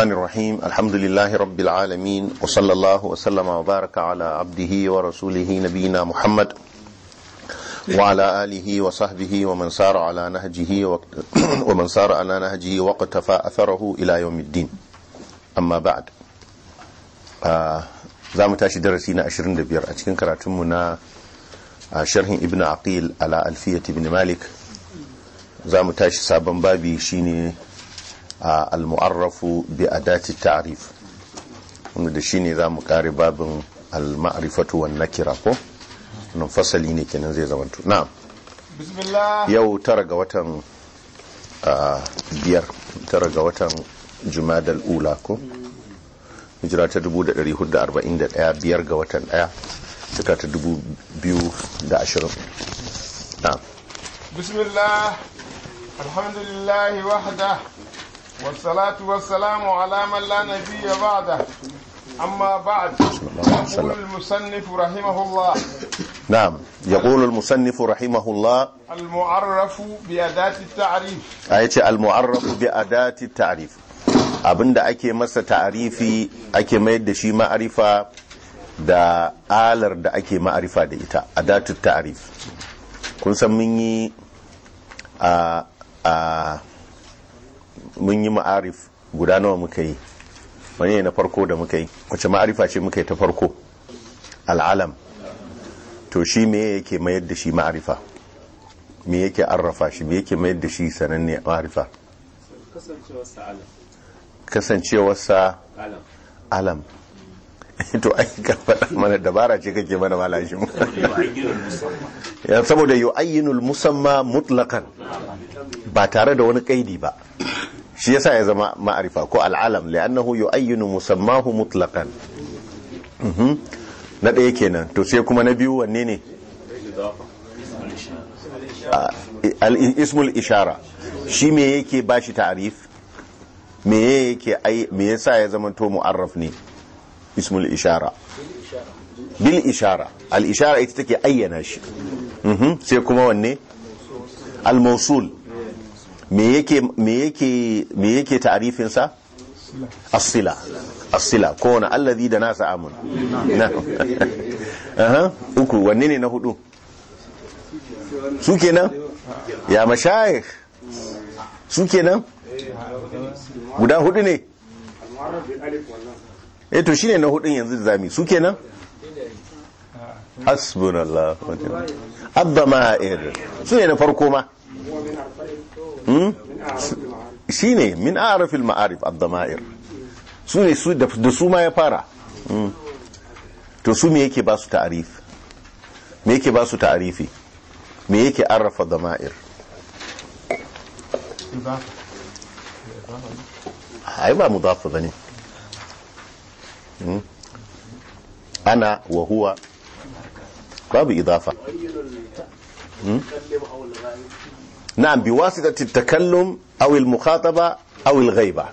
الرحمن الرحيم الحمد لله رب العالمين وصلى الله وسلم وبارك على عبده ورسوله نبينا محمد وعلى آله وصحبه ومن سار على نهجه و... ومن سار على نهجه واقتفى أثره إلى يوم الدين أما بعد za mu tashi darasi na 25 a cikin karatunmu na sharhin ibn aqil ala alfiyat ibn malik za mu tashi sabon babi shine al-mu'arrafu bi adati ta'rif wanda da shine za mu kare babin al-ma'rifatu wan nakira ko nan fasali ne kenan zai zama to na'am bismillah yau tara ga watan biyar tara ga watan jumadal ula ko hijira ta 1441 biyar ga watan daya suka ta 2020 na'am bismillah alhamdulillah wahda والصلاة والسلام على من لا نبي بعده أما بعد يقول المصنف رحمه الله نعم يقول المصنف رحمه الله المعرف بأداة التعريف أيتي المعرف بأداة التعريف abinda ake masa ta'arifi ake mayar da shi ma'arifa da alar da ake ma'arifa da ita adatut ta'arif kun san mun yi a mun yi ma'arif guda nawa muka yi wani ne na farko da muka yi wacce ma'arifa ce muka yi ta farko al'alam to shi me yake mayar da shi ma'arifa me yake arrafa shi me yake mayar da shi sananne ma'arifa kasancewarsa alam to ai ka faɗa mana dabara ce kake mana malashin ya saboda yu'ayyinul musamma mutlaqan ba tare da wani kaidi ba shi yasa ya zama ma'arifa ko al'alam li'annahu yu'ayyinu musammahu mutlaqan mhm. na ɗaya kenan to sai kuma na biyu wanne ne ismul ishara shi me yake bashi ta'arif me yake ai me yasa ya zama to mu'arraf ne ismul ishara bil ishara al ishara ita take ayyana shi mhm. sai kuma wanne al mawsul me yake me asila Asila. ko wani allazi da nasa amun Na. uku wanne ne na hudu su kenan ya mashayikh su kenan guda hudu ne E, to shine na hudun yanzu da zami su kenan hasbunallahu wa ni'mal su ne na farko ma Hmm? shi ne min arafil ma'arif abdama'ir su ne da su ma ya fara hmm? to su me yake ba su ta'arif me yake ba su ta'arifi me yake arafa dama'ir ai ba mudafa bane hmm? ana wa huwa babu idafa na'am bi wasitati takallum aw al mukhataba aw al ghaiba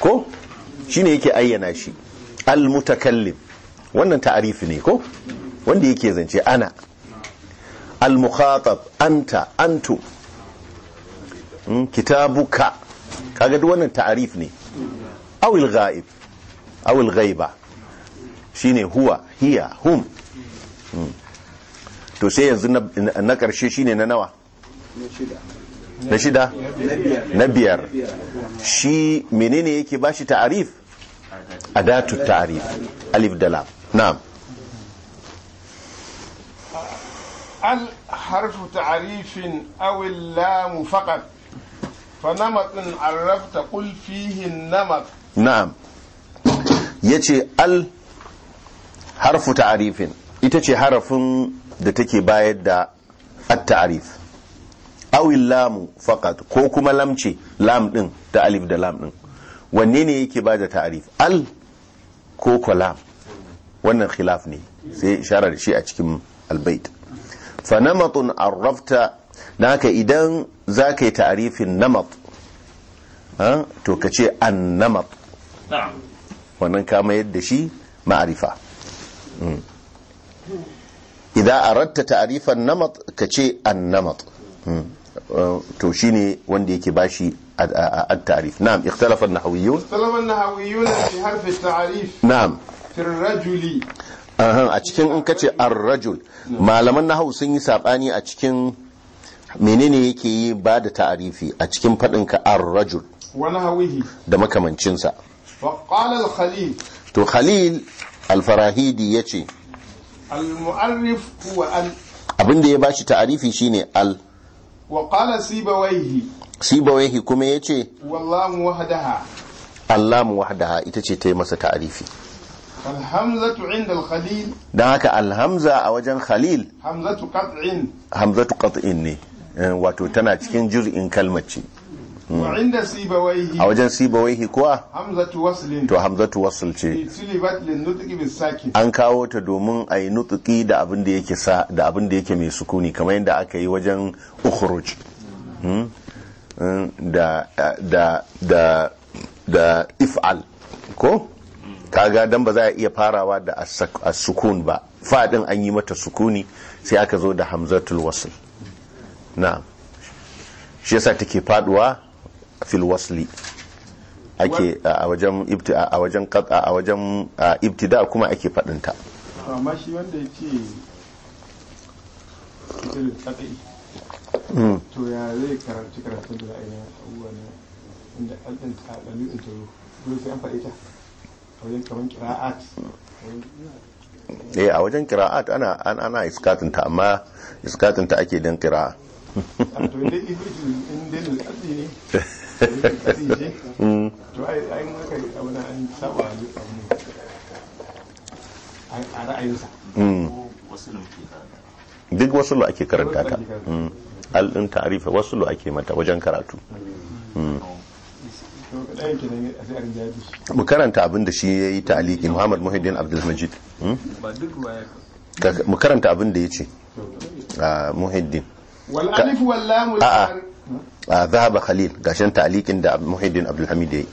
ko shine yake ayyana shi al mutakallim wannan ta'arifi ne ko wanda yake zance ana al mukhatab anta antu kitabuka kaga duk wannan ta'arif ne aw al ghaib aw al ghaiba shine huwa hiya hum to sai yanzu na karshe shine na nawa na shida na biyar shi menene yake bashi ta'arif adatu ta'arif alif dala lam na'am al harfu ta'arifin aw lam faqat fa namatun arrafta qul fihi namat na'am yace al harfu ta'arifin ita ce harafin da take bayar da at-ta'arif awil lamu faqat ko kuma lamce lam din da alif da lam din wanne ne yake ba da ta'arif al ko kalam wannan khilaf ne sai ishara da shi a cikin albayt fa namatun arrafta naka haka idan zaka yi ta'arifin namat to ka ce an namat wannan kama yadda shi ma'arifa mm. idan aradta ta'rifan namat ka ce an namat mm. to shine wanda yake bashi at-ta'rif na'am ikhtalafa an-nahawiyyun ikhtalafa an-nahawiyyun fi harf at-ta'rif na'am fi ar-rajuli a cikin in kace ar-rajul malaman nahawu sun yi sabani a cikin menene yake yi ba da ta'arifi a cikin fadin ka ar-rajul wa nahawihi da makamancinsa wa qala al-khalil to khalil al-farahidi yace al-mu'arrif huwa al abinda ya bashi ta'arifi shine al wa qala sibawaihi sibawaihi kuma ya yace wallahu wahdaha allahu wahdaha ita ce ta yi masa ta'arifi alhamzatu inda alhalil khalil dan haka alhamza a wajen khalil hamzatu kat'in hamzatu kat'in ne eh, wato tana cikin juz'in kalmace inda a wajen sibawaihi kuwa to hamzatu wasl ce an kawo ta domin a yi nutuki da abin da yake sa da mai sukuni kamar yadda aka yi wajen ukhruj hmm? Hmm? da if'al ko kaga dan ba za a iya farawa da a sukun ba fadin an yi mata sukuni sai aka zo da hamzatul wasl na'am shi yasa take faduwa fil ake a wajen ibtida a wajen a wajen ibtida kuma ake fadin ta amma shi wanda ce, hmm. to ya zai karanci karatun da ainihin abubuwa ne inda alɗin ta ɗalu in ta dole sai an faɗi ta a wajen kamar kira'at eh a wajen kira'at ana ana iskatin ta amma iskatin ta ake dan kira'a to inda ibtida inda ne duk wasu ake karanta ta mm. al'in tarifa wasu ake mata wajen karatu mm. mu karanta abin da shi ya yi taliki muhammad muhiddin abdulmajid mm. mu karanta abin da ya ce ah, muhiddin wal alif wal آه، ذهب خليل عشان تعليق عند محي الدين عبد الحميد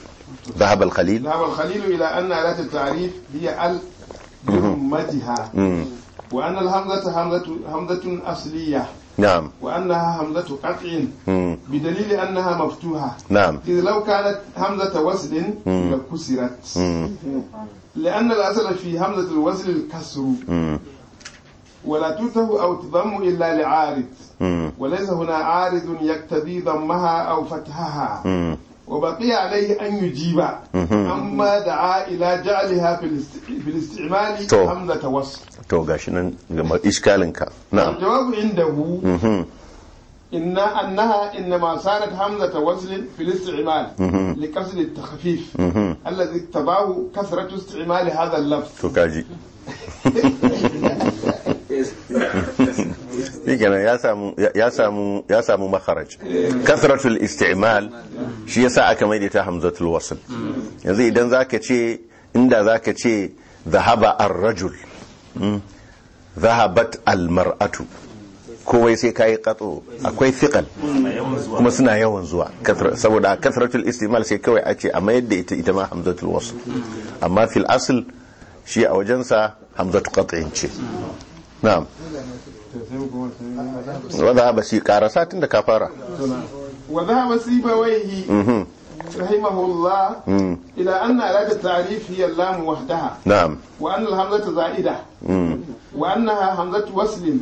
ذهب الخليل ذهب الخليل الى ان اله التعريف هي ال برمتها وان الهمزه همزه همزه اصليه نعم وأنها همزة قطع بدليل أنها مفتوحة نعم إذ لو كانت همزة وصل لكسرت لأن الأصل في همزة الوصل الكسر ولا تنثه أو تضم إلا لعارض وليس هنا عارض يقتضي ضمها أو فتحها وبقي عليه أن يجيب أما دعا إلى جعلها في الاستعمال همزة وصل to gashi nan ga iskalinka na'am jawabu indahu inna annaha innama sarat hamzata waslin fil isti'mal li qasd at takhfif alladhi tabahu to shikenan ya samu ya samu ya samu makharaj kasratul isti'mal shi yasa aka maida ta hamzatul wasl yanzu idan zaka ce inda zaka ce dhahaba ar-rajul hmm, dhahabat al-mar'atu kowai sai kayi katso akwai thiqal kuma suna yawan zuwa saboda kasratul istimal sai kawai a mayar amma yadda ita ita ma hamzatul wasl amma fil asl shi a wajensa hamzatu qat'in ce na'am wa zahaba shi kara satin da ka fara wa zahaba shi ba wai hi mhm. rahimahullah mm. ila anna la ta ta'rif hiya lam wahdaha na'am wa anna al hamzatu za'ida mm. wa annaha hamzatu waslin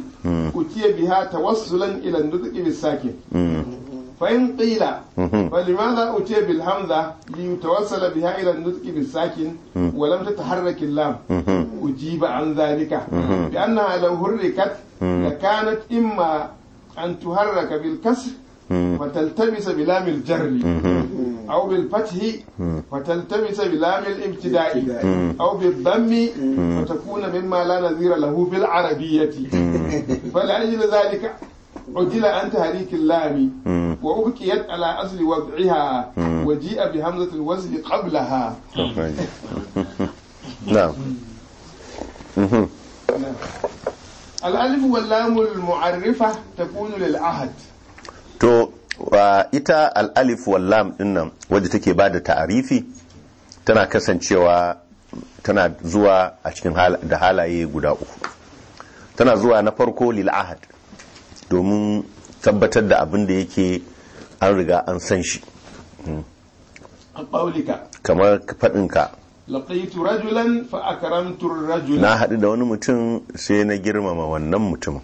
kutiya mm. biha tawassulan ila nutqi bisakin فإن قيل فلماذا أتي بالهمزة ليتوصل بها إلى النطق بالساكن ولم تتحرك اللام أجيب عن ذلك بأنها لو حركت لكانت إما أن تحرك بالكسر فتلتبس بلام الجر أو بالفتح فتلتبس بلام الابتداء أو بالضم فتكون مما لا نظير له بالعربية فلأجل ذلك عدل عن تحريك اللام وأبقيت على أصل وضعها وجيء بهمزة الوزن قبلها نعم الألف واللام المعرفة تكون للعهد تو ita al'alif wallam dinnan wadda take bada da ta'arifi tana kasancewa tana zuwa a cikin da halaye guda uku tana zuwa na farko lil-ahad domin tabbatar da abin da yake an riga an san shi hmm. kamar faɗinka na haɗu da wani mutum sai na girmama wannan mutumin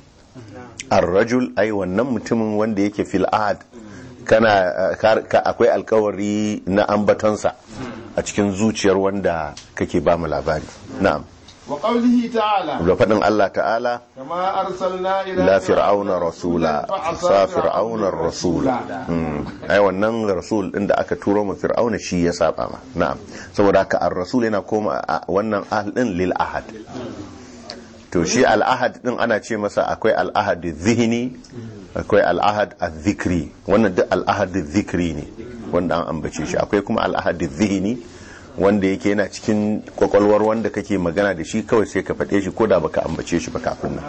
ar-rajul ai wannan mutumin wanda yake fil kana akwai alkawari na ambatonsa a cikin zuciyar wanda kake ba mu labari na'am da faɗin ta'ala. ta'ala la fir'auna rasula sa fir'aunar rasula hmm. ai wannan rasul inda aka turo ma fir'auna shi ya saba ma na'am saboda haka ar-rasul yana koma wannan ahl din lil ahad to shi al ahad din ana ce masa akwai al ahad dhihni akwai al ahad adh-dhikri wannan duk al ahad dhikri ne wanda an ambace shi akwai kuma al ahad dhihni wanda yake yana cikin kwakwalwar wanda kake magana da shi kawai sai ka faɗe shi ko da baka ambace shi ba kafin nan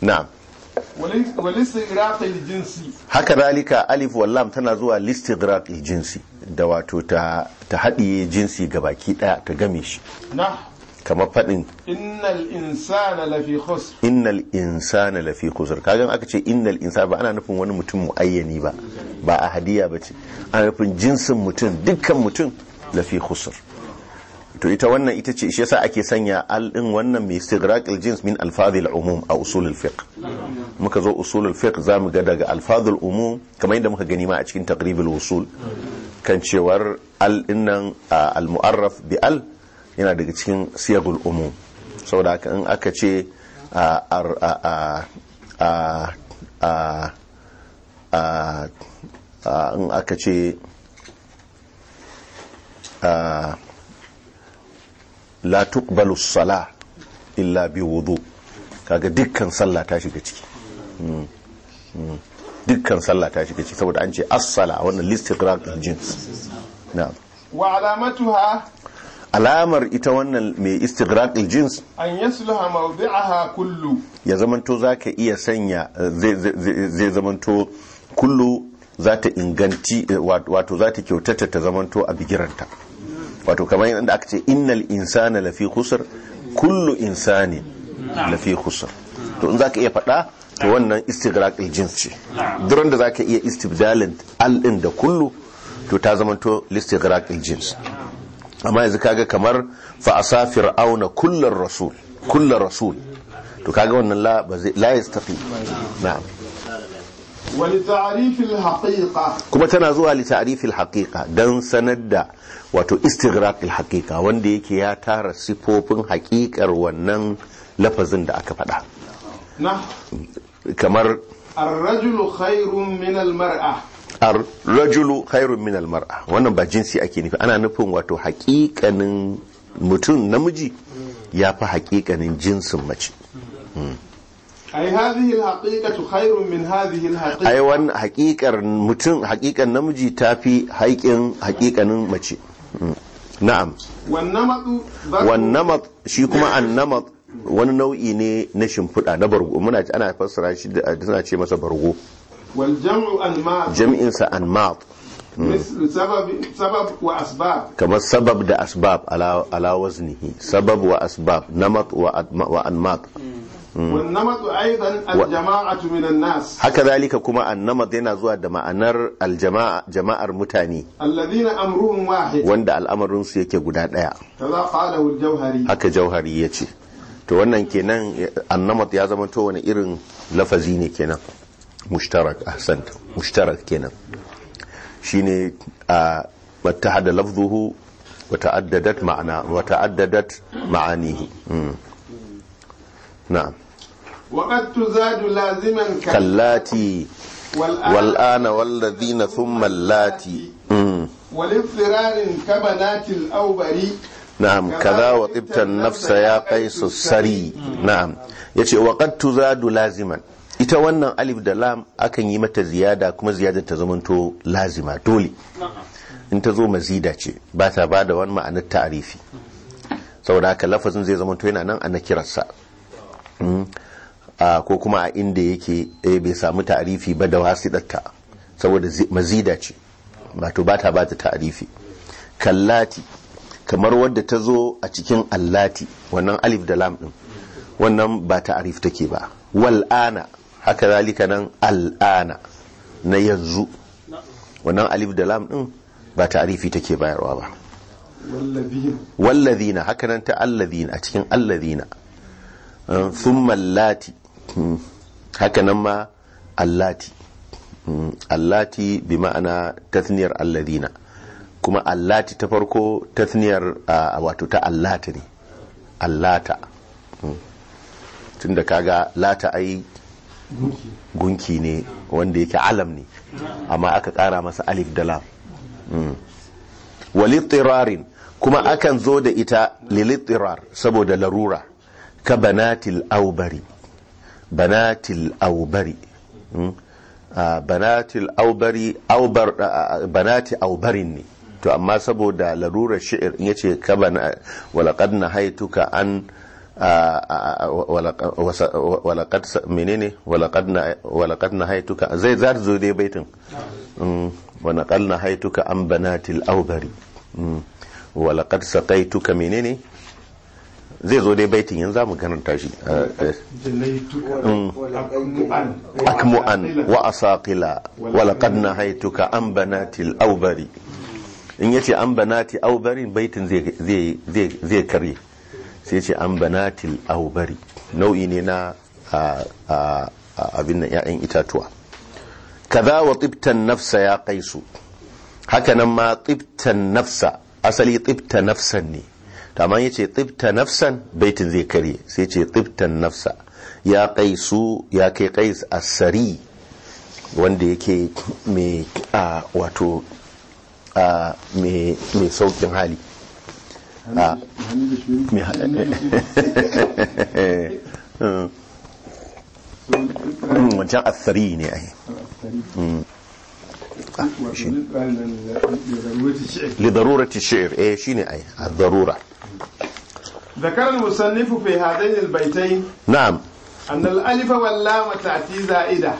na'am haka zalika alif wallam tana zuwa listigraqil jinsi da wato ta ta haɗiye jinsi ga baki ɗaya ta game shi kamar faɗin innal insana lafi khusr innal insana lafi khusr kagan aka ce innal insana ba ana nufin wani mutum muayyani ba ba a hadiya ba ce ana nufin jinsin mutum dukkan mutum lafi khusr to ita wannan ita ce shi yasa ake sanya al din wannan mai istighraqil jins min alfazil umum a usulul fiqh muka zo usulul fiqh zamu ga daga alfazul umum kamar yadda muka gani ma a cikin taqribul usul kan cewar al din nan al mu'arraf bi al yana daga cikin siyagul umum saboda haka in aka ce a a a a in aka ce la tuqbalu sala illa bi wudu kaga dukkan sallah ta shiga ciki dukkan sallah ta shiga ciki saboda an ce as-sala wannan listigraq jins na'am wa alamatuha alamar ita wannan mai istigraq jins an yasluha mawdi'aha kullu ya zamanto zaka iya sanya zai zamanto kullu za ta inganci wato za ta kyautata ta zamanto a bigiranta wato kamar yadda aka ce innal insana lafi khusr kullu insani lafi khusr to in zaka iya faɗa to wannan istighraq jins ce duran da zaka iya istibdalin al din da kullu to ta zamanto listighraq jins amma yanzu kaga kamar fa asafir auna kullar rasul kullar rasul to kaga wannan la ba zai la yastafi na'am wali ta'rif al haqiqa kuma tana zuwa li ta'rif haqiqa dan sanar da wato istighraq al wanda yake ya tara sifofin haƙiƙar wannan lafazin da aka faɗa kamar ar-rajulu khairun min al-mar'a ar-rajulu min wannan ba jinsi ake nufi ana nufin wato haƙiƙanin mutum namiji ya fi haƙiƙanin jinsin mace hmm. ai hadhihi al wannan haƙiƙar mutum haƙiƙan namiji ta fi haƙiƙanin mace na'am wannamat shi kuma annamat wani nau'i ne na shimfiɗa na bargo muna ana fassara shi da suna ce masa bargo hmm. wa anmat kamar sabab da asbab ala wazni sabab wa asbab namat wa anmat Mm. haka zalika kuma annamat yana zuwa da ma'anar jama'ar mutane wanda al'amarinsu yake guda ɗaya haka jauhari ya ce to wannan kenan annamat ya zama to wani irin lafazi ne kenan mushtarak ahsan mushtarak kenan shine a wata hada lafzuhu wata addadat ma'ana ma'anihi mm. na'am وقد تزاد لازما كاللاتي والآن والذين ثم اللاتي والاضطرار كبنات الأوبري نعم كذا وطبت النفس يا قيس السري نعم يتي وقد تزاد لازما ita wannan alif da lam akan yi mata ziyada kuma ziyadar ta zamanto lazima dole in ta zo mazida ce ba ta ba da wani ma'anar ta'arifi saboda haka lafazin zai zamanto yana nan a kirarsa. Hmm. ko kuma a inda yake eh, bai samu ta'arifi ba da wasiɗarta saboda mazida ce wato ba ta ba ta ta'arifi kallati kamar wadda ta zo a cikin allati wannan alif da lam din wannan ba ta'arif take ba wal'ana haka zalika nan al'ana na yanzu wannan alif da lam din ba ta'arifi take bayarwa ba wallazina haka nan ta allazina a cikin allazina thumma allati hmm. haka nan ma allati hmm. allati bi ma'ana tathniyar alladina kuma allati ta farko tathniyar wato ta allata ne allata hmm. tunda kaga lata ai gunki ne wanda yake alam ne amma aka kara masa alif da lam walittirarin kuma akan zo da ita lilitirar saboda larura ka banatil aubari banatil aubari hmm? banatil aubari aubar banati aubarin ne to amma saboda larurar shi'ir in yace ka bana walaqad nahaituka an walaqad menene walaqad walaqad nahaituka zai zar zo dai baitin hmm, wa naqal haituka an banatil aubari hmm? walaqad saqaituka menene zai zo dai baitin yanzu mu karanta shi eh, eh. Mm. akmu'an wa asaqila wa na haituka. an banatil awbari in yace an banati awbari baitin zai zai kare sai ce an banatil awbari nau'i ne na abin nan ya'yan itatuwa kaza wa tibtan nafsa ya kai haka nan ma tibtan nafsa asali tibta nafsan ne to ya ce tsibta nafsan baitin zai kare sai ce tibtan nafsa ya kai su ya kai qais asari wanda yake mai a wato a mai saukin hali a wancan asari ne ai hmm. ah, lidarurati shi'ir eh shine ai a darura ذكر المصنف في هذين البيتين نعم أن الألف واللام تأتي زائدة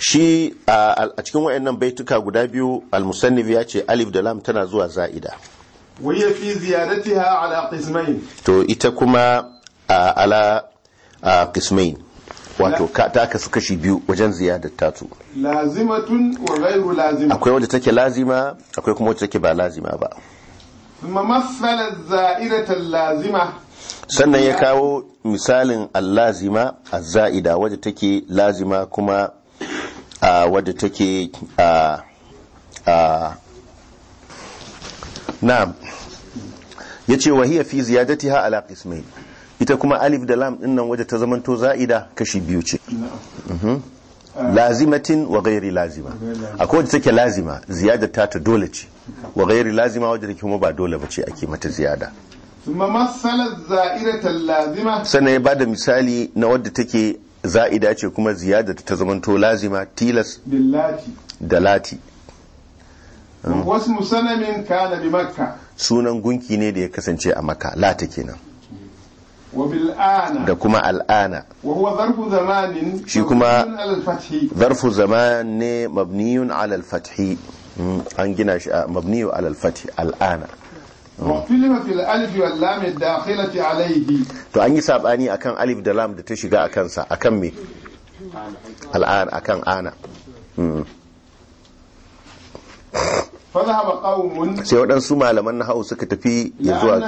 shi a cikin wayannan baituka guda biyu almusannif ya ce alif da lam tana zuwa za'ida waya fi ziyadatiha ala qismain to ita kuma ala qismain wato ta kasu kashi biyu wajen ziyadar tatu lazimatun wa ghayru lazima akwai wanda take lazima akwai kuma wanda take ba lazima ba sannan ya kawo misalin allazima a za'ida wadda take lazima kuma a wadda take a. na'am ya ce wahiyar fi ziyadati ha ala ita kuma alif da lam ɗinnan wadda ta zamanto za'ida kashi biyu ce lazimatin wa gairi lazima A kowace take lazima ziyadar ta ta dole ce wa gairi lazima wajen take kuma ba dole ba ce ake mata ziyada sannan ya bada misali na wadda take za'ida ce kuma ziyada ta zamanto lazima tilas da lati wasu musanamin kana bi makka sunan gunki ne da ya kasance a makka lata kenan da kuma al'ana shi kuma zarfu zaman ne mabniyun alal fathi an gina shi a mabniyun alal fathi al'ana to an yi sabani akan alif da lam da ta shiga a kansa akan me al'ana akan ana sai waɗansu malaman na hau suka tafi ya zuwa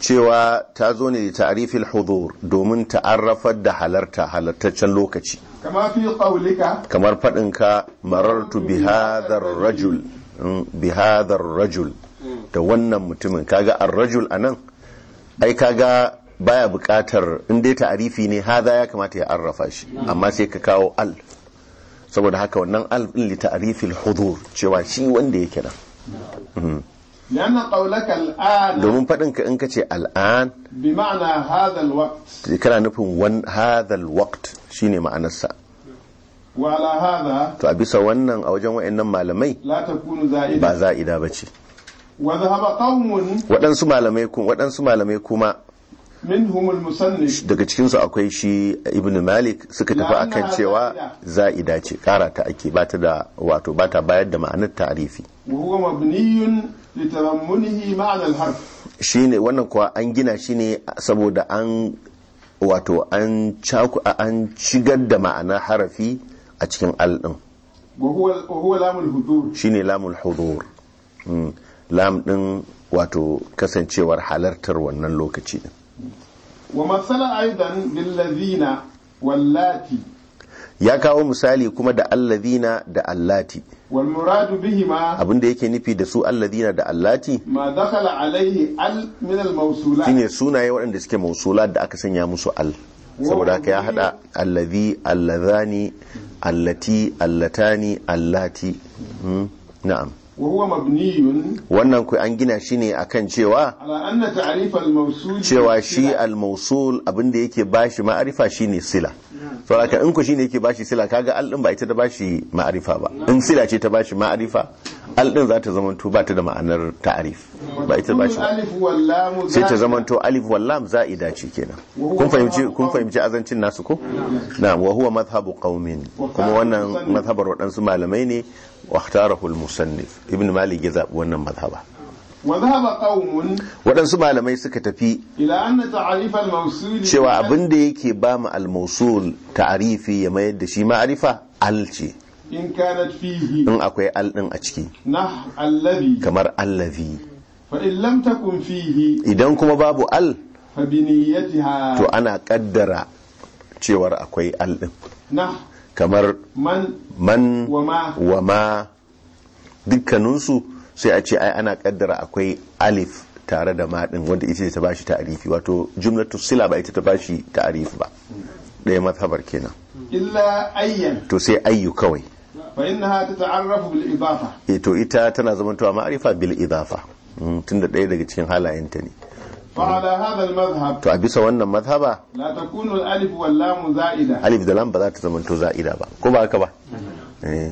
cewa ta zo ne da ta'arifin hudur domin ta'arrafar da halarta halartaccen lokaci kamar faɗinka marartu bihadar rajul hmm, bihadar rajul da wannan mutumin kaga ar-rajul anan ai kaga baya bukatar in dai ta'arifi ne haza ya kamata ya arrafa shi amma sai ka kawo al saboda haka wannan alfin din li ta'rifil hudur cewa shi wanda yake nan hmm. Domin قولك in ka ce al'an. كace الآن hadal هذا الوقت kana nufin wan هذا الوقت shine ma'anar sa wala hada. to a bisa wannan a wajen wayannan malamai la takunu za'ida ba za'ida bace wa dhahaba qaumun wadansu malamai kun wadansu malamai kuma daga cikinsu akwai shi ibn malik suka tafi akan cewa za'ida ce kara ta ake ba ta da wato ba ta bayar da ma'anar tarifi ne wannan kuwa an gina shi ne saboda an wato an caku an cigar da ma'ana harafi a cikin shi ne lamul hudur hmm. lam din wato kasancewar halartar wannan lokaci din ومثل أيضا بالذين واللاتي ya kawo misali kuma da alladhina da allati والمراد بهما bihima da yake nufi da su alladina da allati ma dakala alaihi al min al mawsulat shine sunaye waɗanda suke mawsulat da aka sanya musu al saboda haka ya hada alladhi alladhani allati allatani allati hmm? na'am wannan ku an gina shi ne akan cewa cewa shi al-mausul abinda yake bashi ma'arifa shine sila saboda in ku shine yake bashi sila kaga al din ba ita da bashi ma'arifa ba in sila ce ta bashi ma'arifa al din za ta zamanto ba ta da ma'anar ta'arif ba ita bashi sai ta to alif wal lam za'ida ce kenan kun fahimci kun fahimci azancin nasu ko na'am wa huwa madhhabu qaumin kuma wannan madhhabar wadansu malamai ne واختاره المصنف ابن مالك ya zabi wannan mazhaba waɗansu malamai suka tafi cewa abin da yake ba mu al-mausul ta'arifi ya mayar da shi ma'arifa al ce in akwai al din a ciki kamar allazi idan kuma babu al to ana kaddara cewar akwai al din kamar man wa ma dukkaninsu sai a ce ai ana kaddara akwai alif tare da maɗin wanda ita ta bashi ta'arifi wato jumlatu sila ba ita ta bashi ta'arifi ba ɗaya mazhabar kenan illa ayyan to sai ayyu kawai fa innaha tata'arrafu bil idafa eh to ita tana zamantowa ma'arifa bil idafa mm, tunda ɗaya daga cikin halayenta ne to a bisa wannan mazhaba la takunu alif wal lam za'ida alif da lam ba za ta zama to za'ida ba ko ba haka ba eh.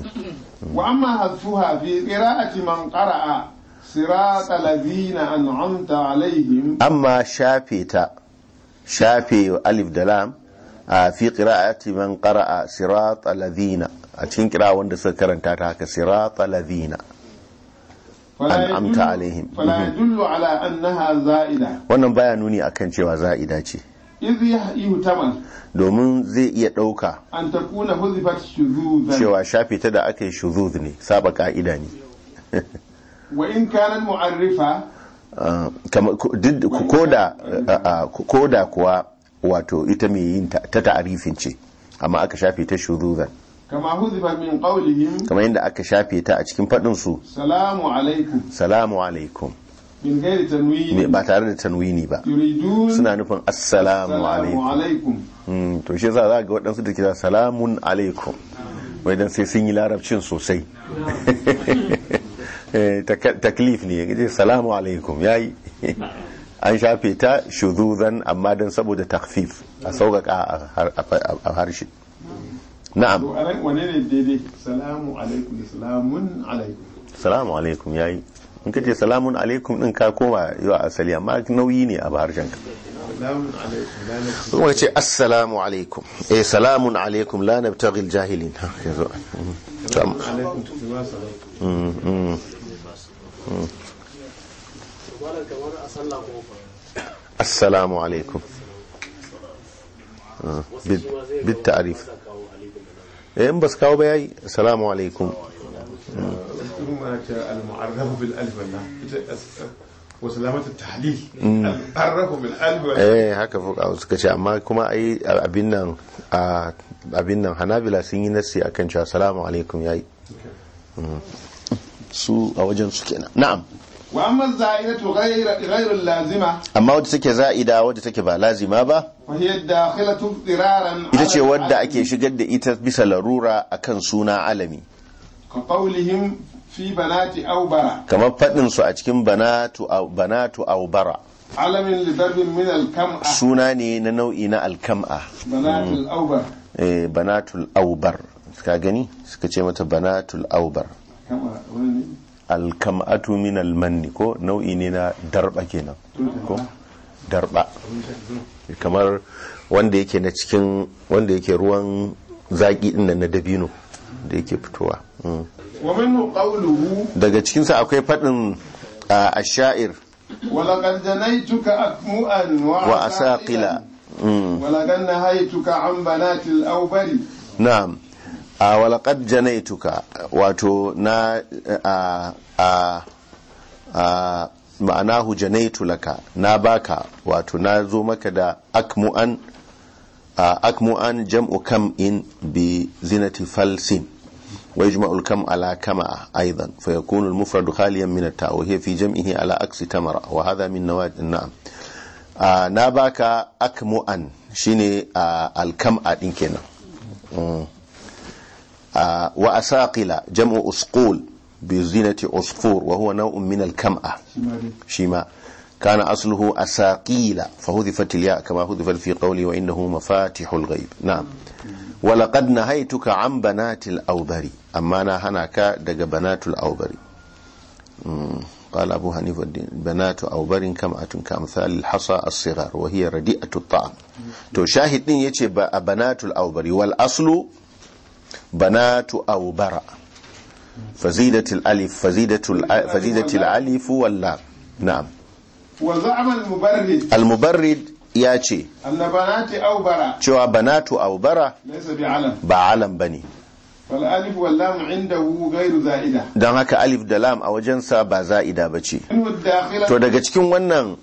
wa amma hazfuha fi qira'ati man qara'a sirat alladhina an'amta alaihim amma shafe ta shafe alif da lam a fi qira'ati man qara'a sirat alladhina a cikin kira wanda suka karanta ta haka sirat alladhina an'amta alaihim mhm. za'ida wannan baya nuni akan cewa za'ida ce domin zai iya ɗauka cewa shafi ta da aka yi shuzuz ne saba ka'ida ne wa in ko da kuwa wato ita mai yin ta ta'arifin ce amma aka shafi ta shuzuzan kama yadda aka shafe ta a cikin faɗinsu salamu alaikum ba tare da tanwini ba suna nufin assalamu alaikum hmm, to shi za ga waɗansu da kira salamun alaikum wajen sai sun yi larabcin sosai eh, taklif ne ya salamu alaikum ya yi an shafe ta shuzuzan amma don saboda takfif a sauƙaƙa a harshe na'am wane ne daidai salamu alaikum salamun alaikum salamu alaikum yayi salamun alaikum din ka koma yau asali amma nauyi ne a bahar janka. kuma ce assalamu alaikum eh salamun alaikum la nabtaghi jahilin ha zo mm, mm. assalamu alaikum ah, bit ta'arif. Eh, in ba su kawo ba yayi assalamu alaikum eh haka fuka suka ce amma kuma ai abin nan abin nan hanabila sun yi nasi akan cewa assalamu alaikum yayi su a wajen su kenan na'am wa amma lazima amma wadda take za'ida wadda take ba lazima ba ita ce wadda ake shigar da ita bisa larura akan suna alami kamar faɗin su a cikin banatu aubara suna ne na nau'i na alkam'a banatul mm. aubar eh, ka gani suka ce mata banatul aubar alkam'atu min almanni ko nau'i ne na darba kenan ko darba kamar wanda yake na cikin wanda yake ruwan zaki din na dabino da yake fitowa mm. daga cikinsa akwai faɗin a sha'ir wa asaqila ولقد نهيتك عن بنات awbari Na'am. a walakad janaituka wato na a a ma'anahu janaitu laka na baka wato na zo maka da akmu'an akmu'an jam'u kam in bi zinati falsin wa yajma'u kam ala kama'a aidan fa yakunu al-mufrad khaliyan min at-ta'wih fi jam'ihi ala aksi tamara wa hadha min nawad na'am na baka akmu'an shine a kama din kenan mm. wa asaqila jam'u usqul bi zinati usfur wa huwa naw'un min al-kam'a shima كان أصله أساقيل فهذفت الياء كما هذفت في قولي وإنه مفاتح الغيب نعم ولقد نهيتك عن بنات الأوبري أما أنا هناك دق بنات الأوبري قال أبو حنيفة بنات أوبر كمعة كأمثال الحصى الصغار وهي رديئة الطعام تو شاهد يتي بنات الأوبري والأصل banatu aubara bara. fazidatul fazidatul walla na'am al-mubarrid ya ce cewa banatu bara ba alam bane فالالف dan haka alif da lam a wajensa ba za'ida bace to daga cikin wannan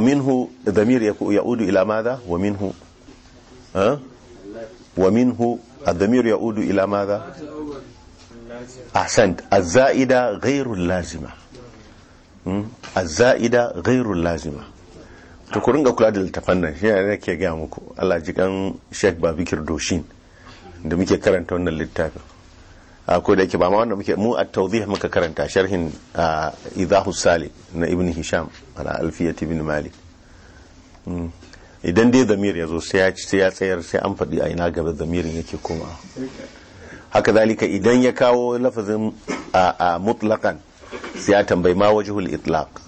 minhu dhamir yaudu ila madha wa minhu wa minhu الضمير يعود إلى ماذا أحسنت الزائدة غير اللازمة الزائدة غير اللازمة kula da littafan ke gaya muku Allah ji kan da muke karanta a ko da yake muka karanta sharhin idahu sali na Ibn Hisham ala alfiyat ibn idan dai zamir ya zo sai ya ci sai ya tsayar sai an faɗi a ina gaba zamirin yake koma haka zalika idan ya kawo lafazin a mutlakan sai ya tambayi ma hul itlaq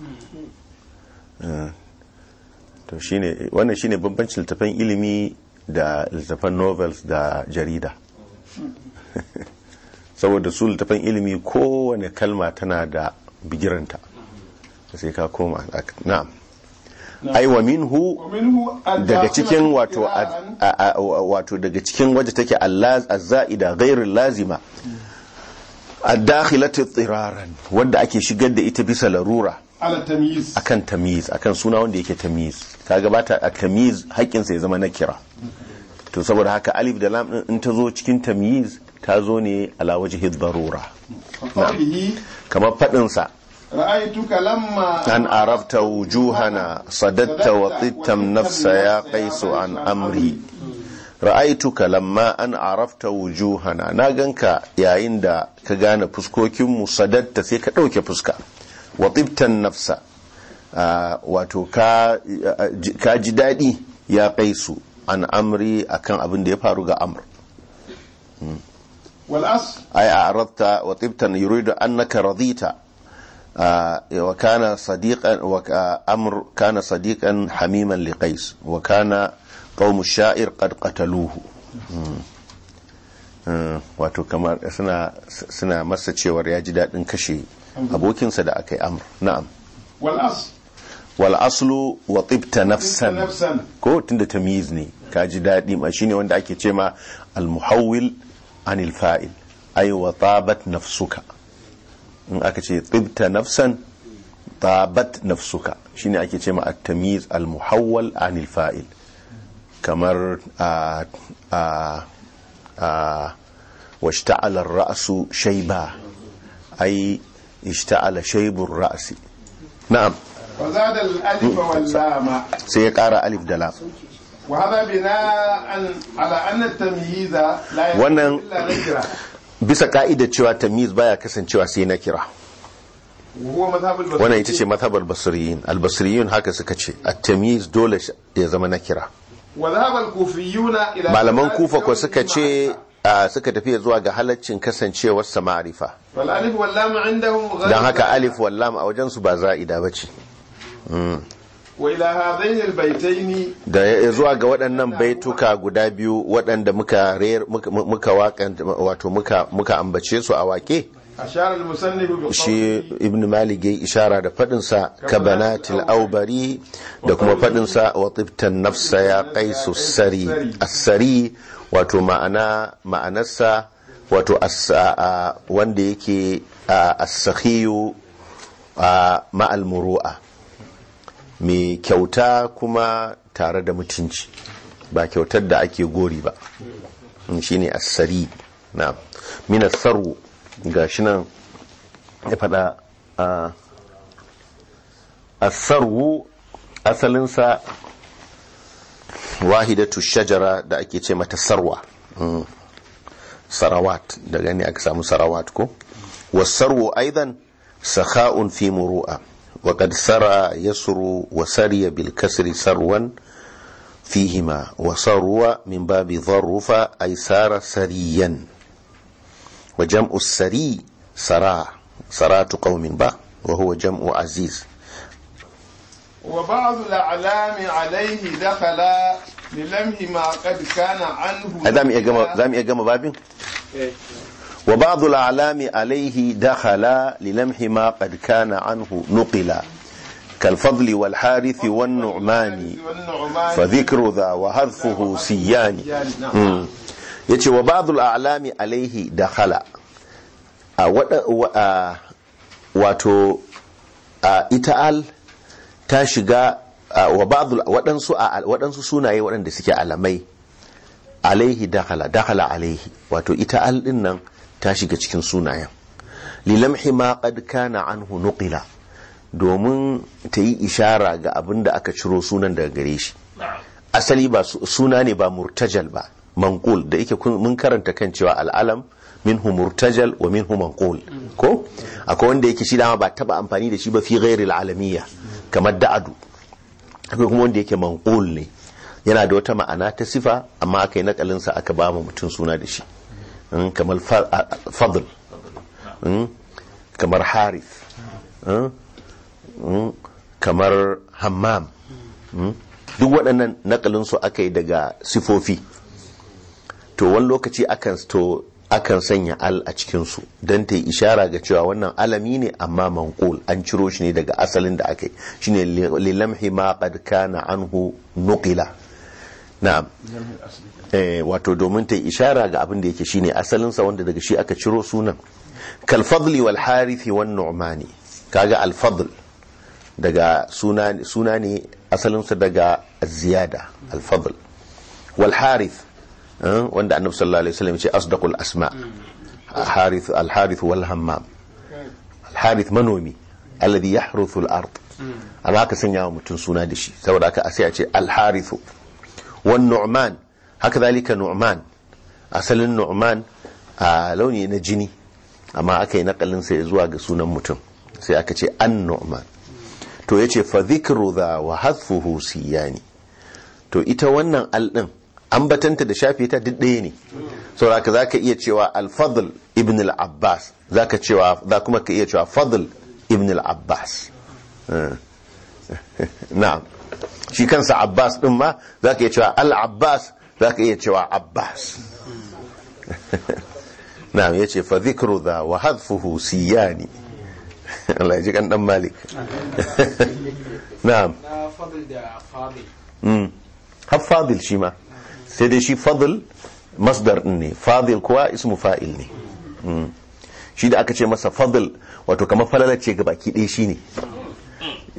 eh. to shine wannan shine bambancin littafan ilimi da littafan novels da jarida saboda su littafan ilimi kowane kalma tana da bigiranta sai ka koma na'am ai wa minhu daga cikin wato daga cikin waje take azza'ida ghairu lazima ad-dakhilatu tsiraran wanda ake shigar da ita bisa larura akan tamyiz akan suna wanda yake tamyiz kaga gabata a tamyiz haƙin sa ya zama nakira to saboda haka alif da lam din in ta zo cikin tamyiz ta zo ne ala wajhi darura kamar fadin sa رأيتك لما أن عرفت وجوهنا صددت وطدت النفس يا قيس عن أمري رأيتك لما أن عرفت وجوهنا ناغنك يا عند كغانا فسكوكيم صددت في دوكي فسكا وطبت النفس wato ka ji daɗi ya kai su an amri akan abin da ya faru ga amr ai a arabta wa tsibtan yuridu annaka radita وكان صديقا وأمر كان صديقا حميما لقيس وكان قوم الشاعر قد قتلوه wato kamar suna masa cewar ya ji daɗin kashe abokinsa da aka yi amur na'am wal aslu wa tibta nafsan ko tunda tamyiz ne ka ji daɗi ma shine wanda ake ce ma al muhawwil anil fa'il ay wa tabat nafsuka in aka ce tibta nafsan tabat nafsuka shine ake ce ma at tamiz al-muhawwal anil fa'il kamar a a a washta'ala ar-ra'su shayba ay ishta'ala shaybu ar-ra'si na'am sai ya kara alif da lam wannan bisa ka'ida cewa tamiz baya kasancewa sai na kira wannan ita ce mazhabar basriyin albasriyin haka suka ce at-tamiz dole ya zama na kira malaman kufa ko suka ce ah, suka zuwa ga halaccin kasancewar samarifa don haka alif wallam a su ba za'ida ba ce hmm. da ya zuwa ga waɗannan baituka guda biyu waɗanda muka muka wato muka muka ambace su a waƙe shi ibn malik ya ishara da faɗinsa ka banatil aubari da kuma faɗinsa wa tsibtan nafsa ya kaisu sari wato ma'ana ma'anarsa wato wanda yake a sakhiyu ma'al mai kyauta kuma tare da mutunci ba kyautar da ake gori ba mm, ne asari na minasaru Ga shi nan ya faɗa a asaru asalinsa wahidatu shajara da ake ce mata sarwa mm. sarawat daga ne aka samu sarawat ko wasarwo aidan sakha'un fi muru'a وقد سرى يسر وسري بالكسر سروا فيهما وسروا من باب ظرف أي سار سريا وجمع السري سرى سرات قوم با وهو جمع عزيز وبعض الأعلام عليه دخل للمه ما قد كان عنه زامي يا جماعة زامي يا جماعة بابي إيه. wa ba'd alami alayhi dakhala li lamhi ma qad kana anhu nuqila كالفضل والحارث والنعمان فذكر ذا وهذفه سيان يتي وبعض الأعلام عليه دخل wato ita'al ta shiga waɗansu sunaye waɗanda suke alamai alaihi da dakhala alaihi wato ita'al ɗin nan ta shiga cikin sunayen lilamhi ma qad kana anhu nuqila domin ta yi ishara ga abin da aka ciro sunan daga gare shi asali ba suna ne ba murtajal ba manqul da yake mun karanta kan cewa al'alam minhu murtajal wa minhu manqul ko akwai wanda yake shi dama ba taba amfani da shi ba fi ghairil alamiyya kamar da'adu akwai kuma wanda yake manqul ne yana da wata ma'ana ta sifa amma aka yi nakalinsa aka ba mutum suna da shi kamar fadl kamar harith kamar hammam duk waɗannan nakalin su aka yi daga sifofi to wani lokaci akan sanya al a cikinsu don ta yi ishara ga cewa wannan alami ne amma manqul an ciro shi ne daga asalin da aka yi shine lilamhi ma qad kana anhu nuqila na'am Eh, wato domin ta ishara ga abin da yake shine asalinsa wanda daga shi aka ciro sunan kalfadli wal harithi wan nu'mani kaga alfadl daga suna ne asalinsa daga ziyada alfadl wal harith eh, wanda annabi sallallahu alaihi wasallam ya ce asdaqul asma harith al harith wal hammam al manomi alladhi yahruthu al ard amma aka sanya wa mutum suna da shi saboda haka sai a ce al harithu wan nu'man haka zalika nu'man asalin nu'man a launi na jini amma aka yi nakalin sai zuwa ga sunan mutum sai aka ce an nu'man to ya ce fadhikru da wa hadfuhu siyani to ita wannan an batanta da shafe ta duk ɗaya ne sauraka za ka iya cewa alfadl ibn al-abbas za cewa za kuma ka iya cewa fadl ibn al-abbas eh. na shi kansa abbas din ma za ka iya cewa al-abbas za ka iya cewa abbas na ya ce fa zikiru za wa hadfuhu siyani Allah ya ji kan dan malik fadil hmm. har fadil shi ma sai dai shi fadil masdar ne fadil kuwa ismu fa'il ne hmm. shi da aka ce masa fadil wato kama falalace ga baki ɗaya shi ne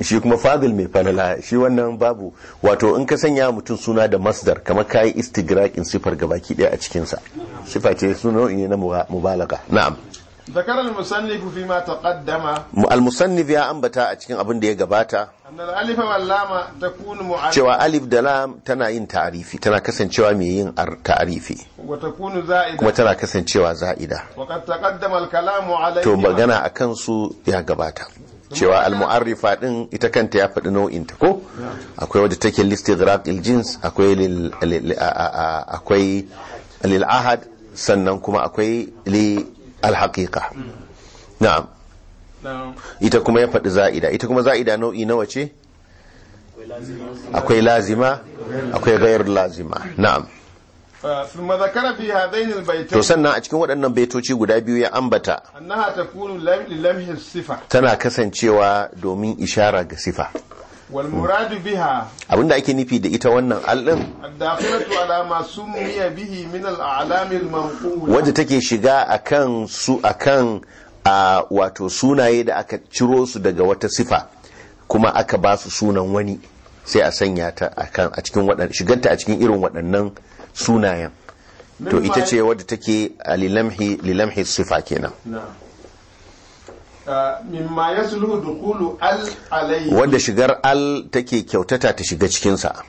shi kuma fadil mai falala shi wannan babu wato in ka sanya mutum suna da masdar kama ka yi istigraqin sifar gabaki daya a cikinsa. sa sifa ce suno ne na mubalaka. na'am ذكر المصنف فيما تقدم المصنف يا أنبتا a cikin abin da ya gabata cewa alif da lam tana yin ta'arifi tana kasancewa mai yin ta'arifi kuma tana kasancewa za'ida to magana a kansu ya gabata cewa al-mu'arrifa din ita kanta ya faɗi nau'in ta ko akwai wadda take listighraq al-jins akwai lil akwai lil ahad sannan kuma akwai li al-haqiqa na'am ita kuma ya faɗi za'ida ita kuma za'ida nau'i nawa ce akwai lazima akwai ghayr lazima na'am ثم to sannan a cikin waɗannan baitoci guda biyu ya ambata tana kasancewa domin ishara ga sifa Abin da abinda ake nufi da ita wannan allin Wadda bihi min take shiga akan su akan a wato sunaye da aka ciro su daga wata sifa kuma aka ba su sunan wani sai a sanya ta a cikin waɗannan shigarta a cikin irin waɗannan sunayen to ita ce wadda take a lilamhi sifa kenan uh, wadda ya shigar al take kyautata ta shiga cikinsa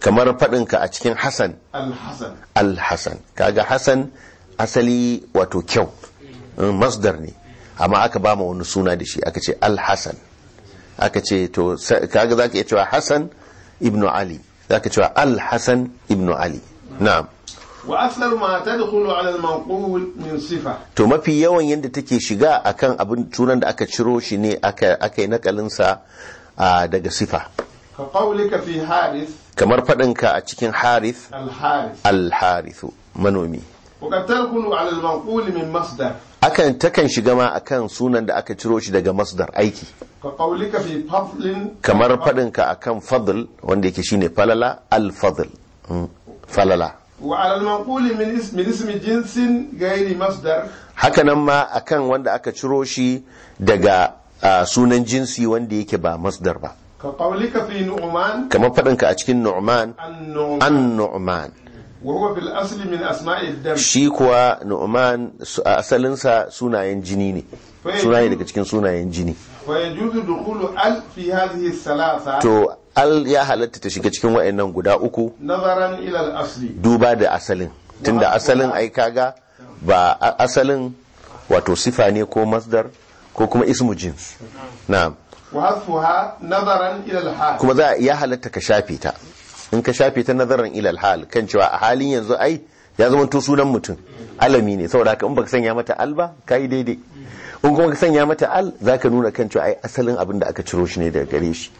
kamar faɗinka a cikin hasan al hasan kaga hasan asali wato kyau mm, masdar ne amma aka ba wani suna da shi aka ce al hasan aka ce to kaga zaka iya cewa Hassan ibnu ali zaka cewa al-hasan ibn ali na'am wa asar ma ta dukulu ala al maqul min sifa to mafi yawan yanda take shiga akan abin sunan da aka ciro shi ne aka aka yi nakalin sa daga sifa ka qawlika fi harith kamar fadin ka a cikin harith al-harith al-harith manomi wa qad tadkhulu ala al maqul min masdar akan takan shiga ma akan sunan da aka ciro shi daga masdar aiki kamar faɗinka ka akan fadl wanda yake shine falala al fadl hmm. falala wa alal manquli min ismi ismi jinsin gairi masdar haka nan ma akan wanda aka ciro shi daga sunan jinsi wanda yake ba masdar ba kamar faɗinka a cikin nu'man an nu'man shi kuwa nu'man asalinsa sunayen jini ne sunaye daga cikin sunayen jini to al ya halatta ta shiga cikin wa'annan guda uku duba da asalin tunda asalin ai kaga ba asalin wato sifa ne ko masdar ko kuma ismu jins na'am kuma za ya halatta ka shafe ta in ka shafe ta nazarin ilal hal kan cewa a halin yanzu ai ya zama to sunan mutum alami ne saboda haka in baka sanya mata al ba kai daidai in kuma ka sanya mata al zaka nuna kan cewa ai asalin abin da aka ciro shi ne daga gare shi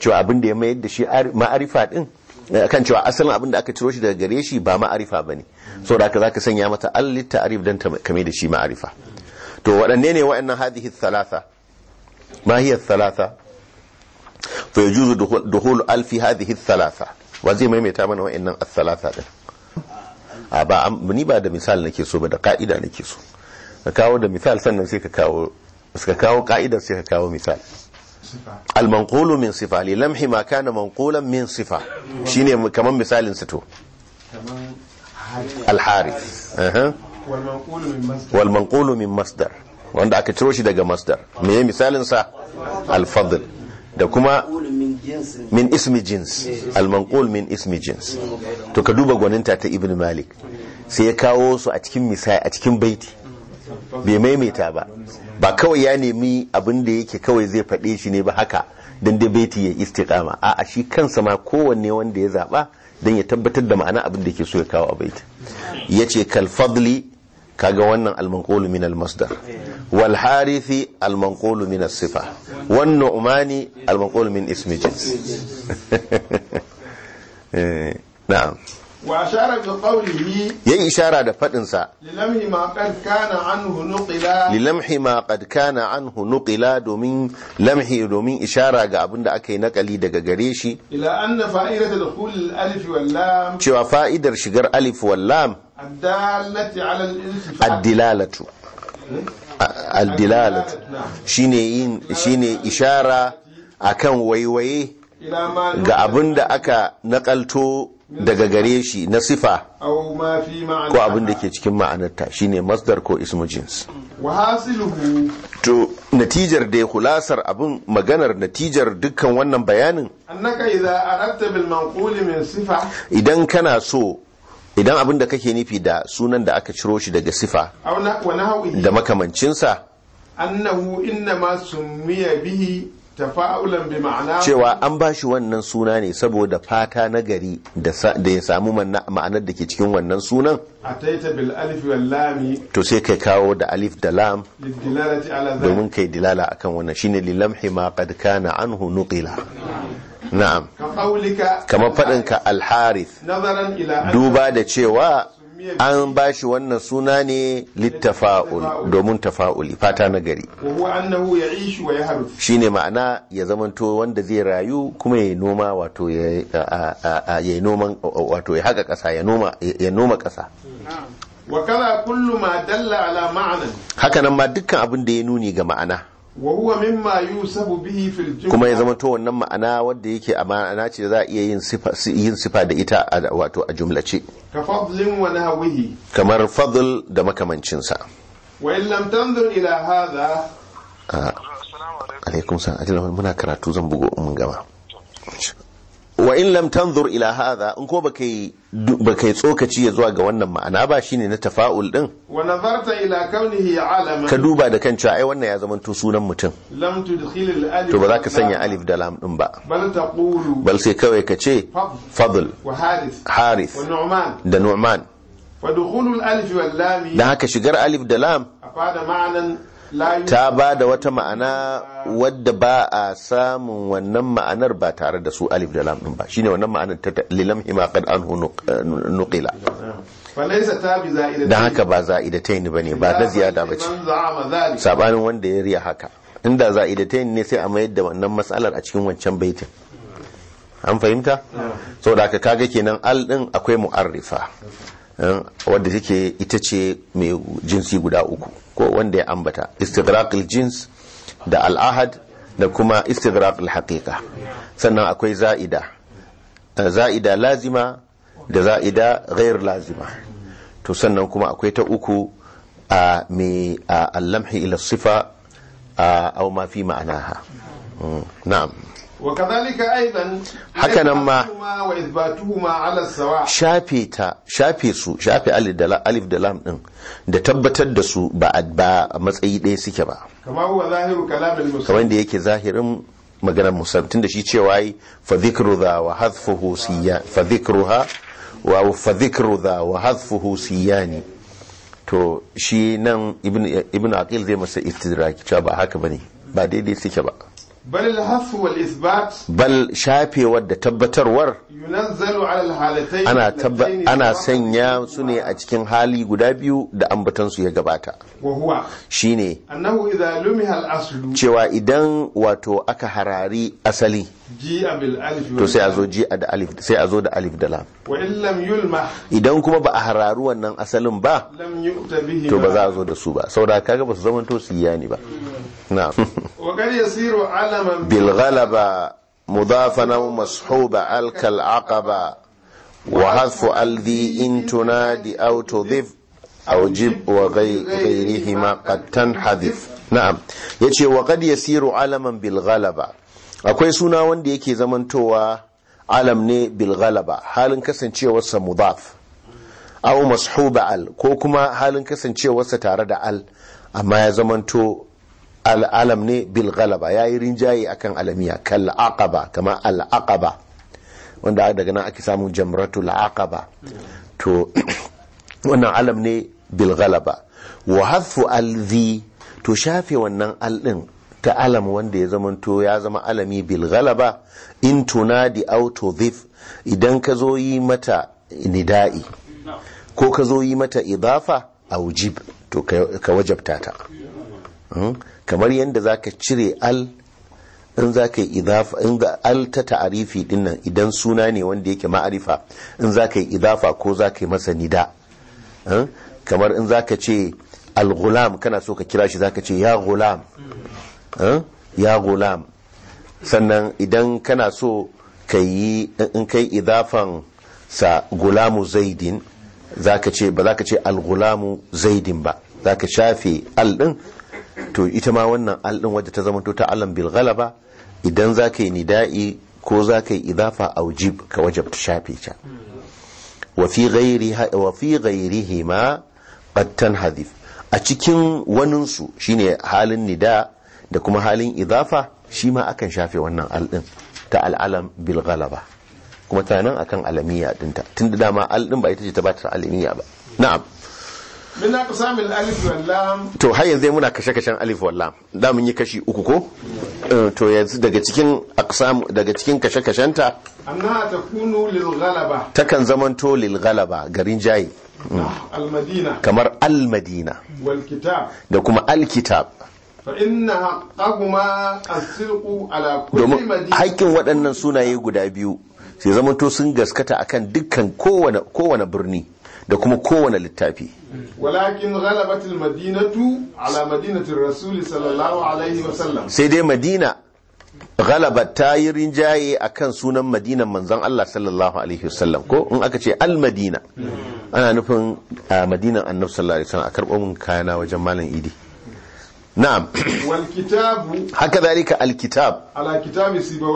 cewa abin da ya mayar da shi ma'arifa din eh, kan cewa asalin abin da aka ciro shi daga gare shi ba ma'arifa bane saboda haka zaka sanya mata al litta'rif dan ta kame da shi ma'arifa to waɗanne ne wa'annan hadhihi thalatha ma hiya thalatha fa yajuzu dukhul al fi hadhihi thalatha wa zai maimaita mana wa'annan as-salasa din a ba ni ba da misali nake so ba da ka'ida nake so ka kawo da misal sannan sai ka kawo ka kawo ka'ida sai ka kawo misal al-manqulu min sifa li lamhi ma kana manqulan min sifa shine kaman misalin sito to al-harith wal manqulu min masdar wanda aka ciro shi daga masdar me misalin sa al-fadl da kuma min ismi jins almanqul min ismi jins to ka duba gwaninta ta ibn malik sai ya kawo su a cikin misai a cikin baiti bai maimaita ba ba kawai ya nemi abin da yake kawai zai faɗe shi ne ba haka don dai baiti ya istiqama a a shi kansa ma kowanne wanda ya zaɓa don ya tabbatar da ma'ana abin da ke so ya kawo a baiti ya ce kalfadli kaga wannan almanqulu min almasdar wal harithi almanqulu min as-sifa wan nu'mani almanqulu min ismi jins eh, na'am wa ishara da fadinsa. lilamhi ma qad kana an nuqila lilamhi ma domin lamhi domin ishara ga abin da aka yi nakali daga gare shi ila alif cewa fa'idar shigar alif wallam addilalatu addilalatu shine ne ishara akan waiwaye ga abin da aka nakalto daga gare shi na sifa ko abin da ke cikin ma'anarta shine masdar ko ismu jins to natijar da hulasar abin maganar natijar dukkan wannan bayanin idan kana so idan abin da kake nufi da sunan da aka ciro shi daga sifa da makamancinsa annahu inna ma summiya bihi cewa an ba shi wannan suna ne saboda fata na gari da ya samu ma'anar da ke cikin wannan sunan to sai kai kawo da alif da lam domin kai dilala akan wannan shine lilamhi ma qad kana anhu nuqila na'am Kama faɗinka alharith duba da cewa an ba shi wannan suna ne littafa'ul domin tafa'uli fata na gari shi ne ma'ana ya zamanto wanda zai rayu kuma ya noma wato ya noman wato ya haka ƙasa ya noma ƙasa wa kala kullu ma dalla ala ma'anan haka nan ma dukkan abin da ya nuni ga ma'ana kuma ya zama to wannan ma'ana wanda yake a ma'ana ce za a iya yin sifa da ita wato a jumlace kamar fadl da makamancinsa wa in lam tanzur ila hadha ah. alaikum salam muna karatu zan bugo mun gama wa in lam tanzur ila hadha in ko baka baka tsokaci ya zuwa ga wannan ma'ana ba shine na tafa'ul din wa nazarta ila kaunihi alama ka duba da kan cewa ai wannan ya zama to sunan mutum lam tudkhil al alif to ba za ka sanya alif da lam din ba bal taqulu bal sai kawai ka ce fadl wa harith harith wa nu'man da nu'man fa al alif wal lam da haka shigar alif da lam afada ta ba da wata ma'ana wadda ba a samun wannan ma'anar ba tare da su alif da lam din ba shine wannan ma'anar ta lilam hima qad an Nukila. da haka ba za'idatain bane ba na ziyada ce sabanin wanda ya riya haka inda za'idatain ne sai a mayar da wannan matsalar a cikin wancan baitin an fahimta so da kaga kenan al din akwai mu'arrifa eh, wadda take ita ce mai jinsi guda uku ko wanda ya ambata istighraq jins da al'ahad da kuma istighraq haqiqa sannan akwai za'ida eh, za'ida lazima da za'ida ghair lazima to sannan kuma akwai ta uku a mai lamhi ila sifa a ma fi ma'anaha mm, na'am haka nan ma shafe ta su shafe alif da lam din da tabbatar da su ba a matsayi ɗaya suke ba kamar da yake zahirin maganar musamman da shi cewa yi fadikruza wa hadfuhu fadikruha wa fadikruza wa hadfuhu to shi nan ibn aqil zai masa iftidraki cewa ba haka ne ba daidai suke ba bal shafe da tabbatarwar ana sanya su ne a cikin hali guda biyu da ambatansu ya gabata Shi ne. cewa idan wato aka harari asali to sai a zo ji da alif sai a zo da alif da lam idan kuma ba a hararu wannan asalin ba to ba za a zo da su ba saboda kaga ba su zamanto su yi yani ba نعم وقد يصير علما بالغلبة مضافا أو مصحوبا ألك العقبة وحذف الذي إن تنادي أو تضف أو جب وغيرهما قد تنحذف نعم يتي وقد يصير علما بالغلبة akwai suna wanda yake zamantowa alam ne bilgalaba halin kasancewarsa mudaf au mashuba al ko kuma halin kasancewarsa tare da al amma ya zamanto al'alam ne bilgalaba ya yi rinjaye akan alamiya kal aqaba kama al’aqaba Wanda wanda daga nan ake samun jamratul aqaba to wannan alam ne bilgalaba, wa hadfu alzi to shafe wannan alɗin ta alam wanda ya zama zamanto ya zama alami bilgalaba. in tunadi auto idan ka zo yi mata nida'i ko ka zo yi mata idafa aujib to ka wajabta ta hmm? kamar yadda zaka cire al in zaka yi idafa in ga al ta ta'arifi dinnan idan suna ne wanda yake ma'arifa in zaka yi idafa ko zaka yi masa nida eh? kamar in zaka ce al gulam kana so ka kira shi zaka ce ya gulam eh? ya gulam sannan idan kana so ka yi in kai idafan sa gulamu zaidin ka ce ba ka ce al-gulamu zaidin ba zaka shafe al din to ita ma wannan al wadda ta zamanto ta alam bil ghalaba idan za ka yi nida'i ko za ka yi idafa wajib ka ta shafe ta wa fi ghairihi ma qattan hadif a cikin waninsu shine halin nida da kuma halin idafa shi ma akan shafe wannan al ta al'alam bil ghalaba kuma ta akan alamiya dinta tunda dama al ba ita ce ta ba ta alamiya ba na'am alif to har yanzu muna kashe kashen alif wallam da mun yi kashi uku ko eh, to yanzu daga cikin aqsam daga cikin kashe kashenta anna Kunu lil ghalaba takan zamanto lil ghalaba garin jayi hmm. al-madina kamar al-madina wal kitab da kuma al-kitab domin haƙƙin waɗannan sunaye guda biyu sai zamanto sun gaskata akan dukkan kowane birni da kuma kowane littafi walakin ghalabatil madinatu ala madinatir rasul sallallahu alaihi sallam. sai dai madina ghalaba ta yi rinjaye akan sunan madinan manzon Allah sallallahu alaihi wa sallam ko in aka ce al madina ana nufin madinan annabi sallallahu alaihi wasallam a karbo mun kayana wajen malam idi na'am haka zalika alkitab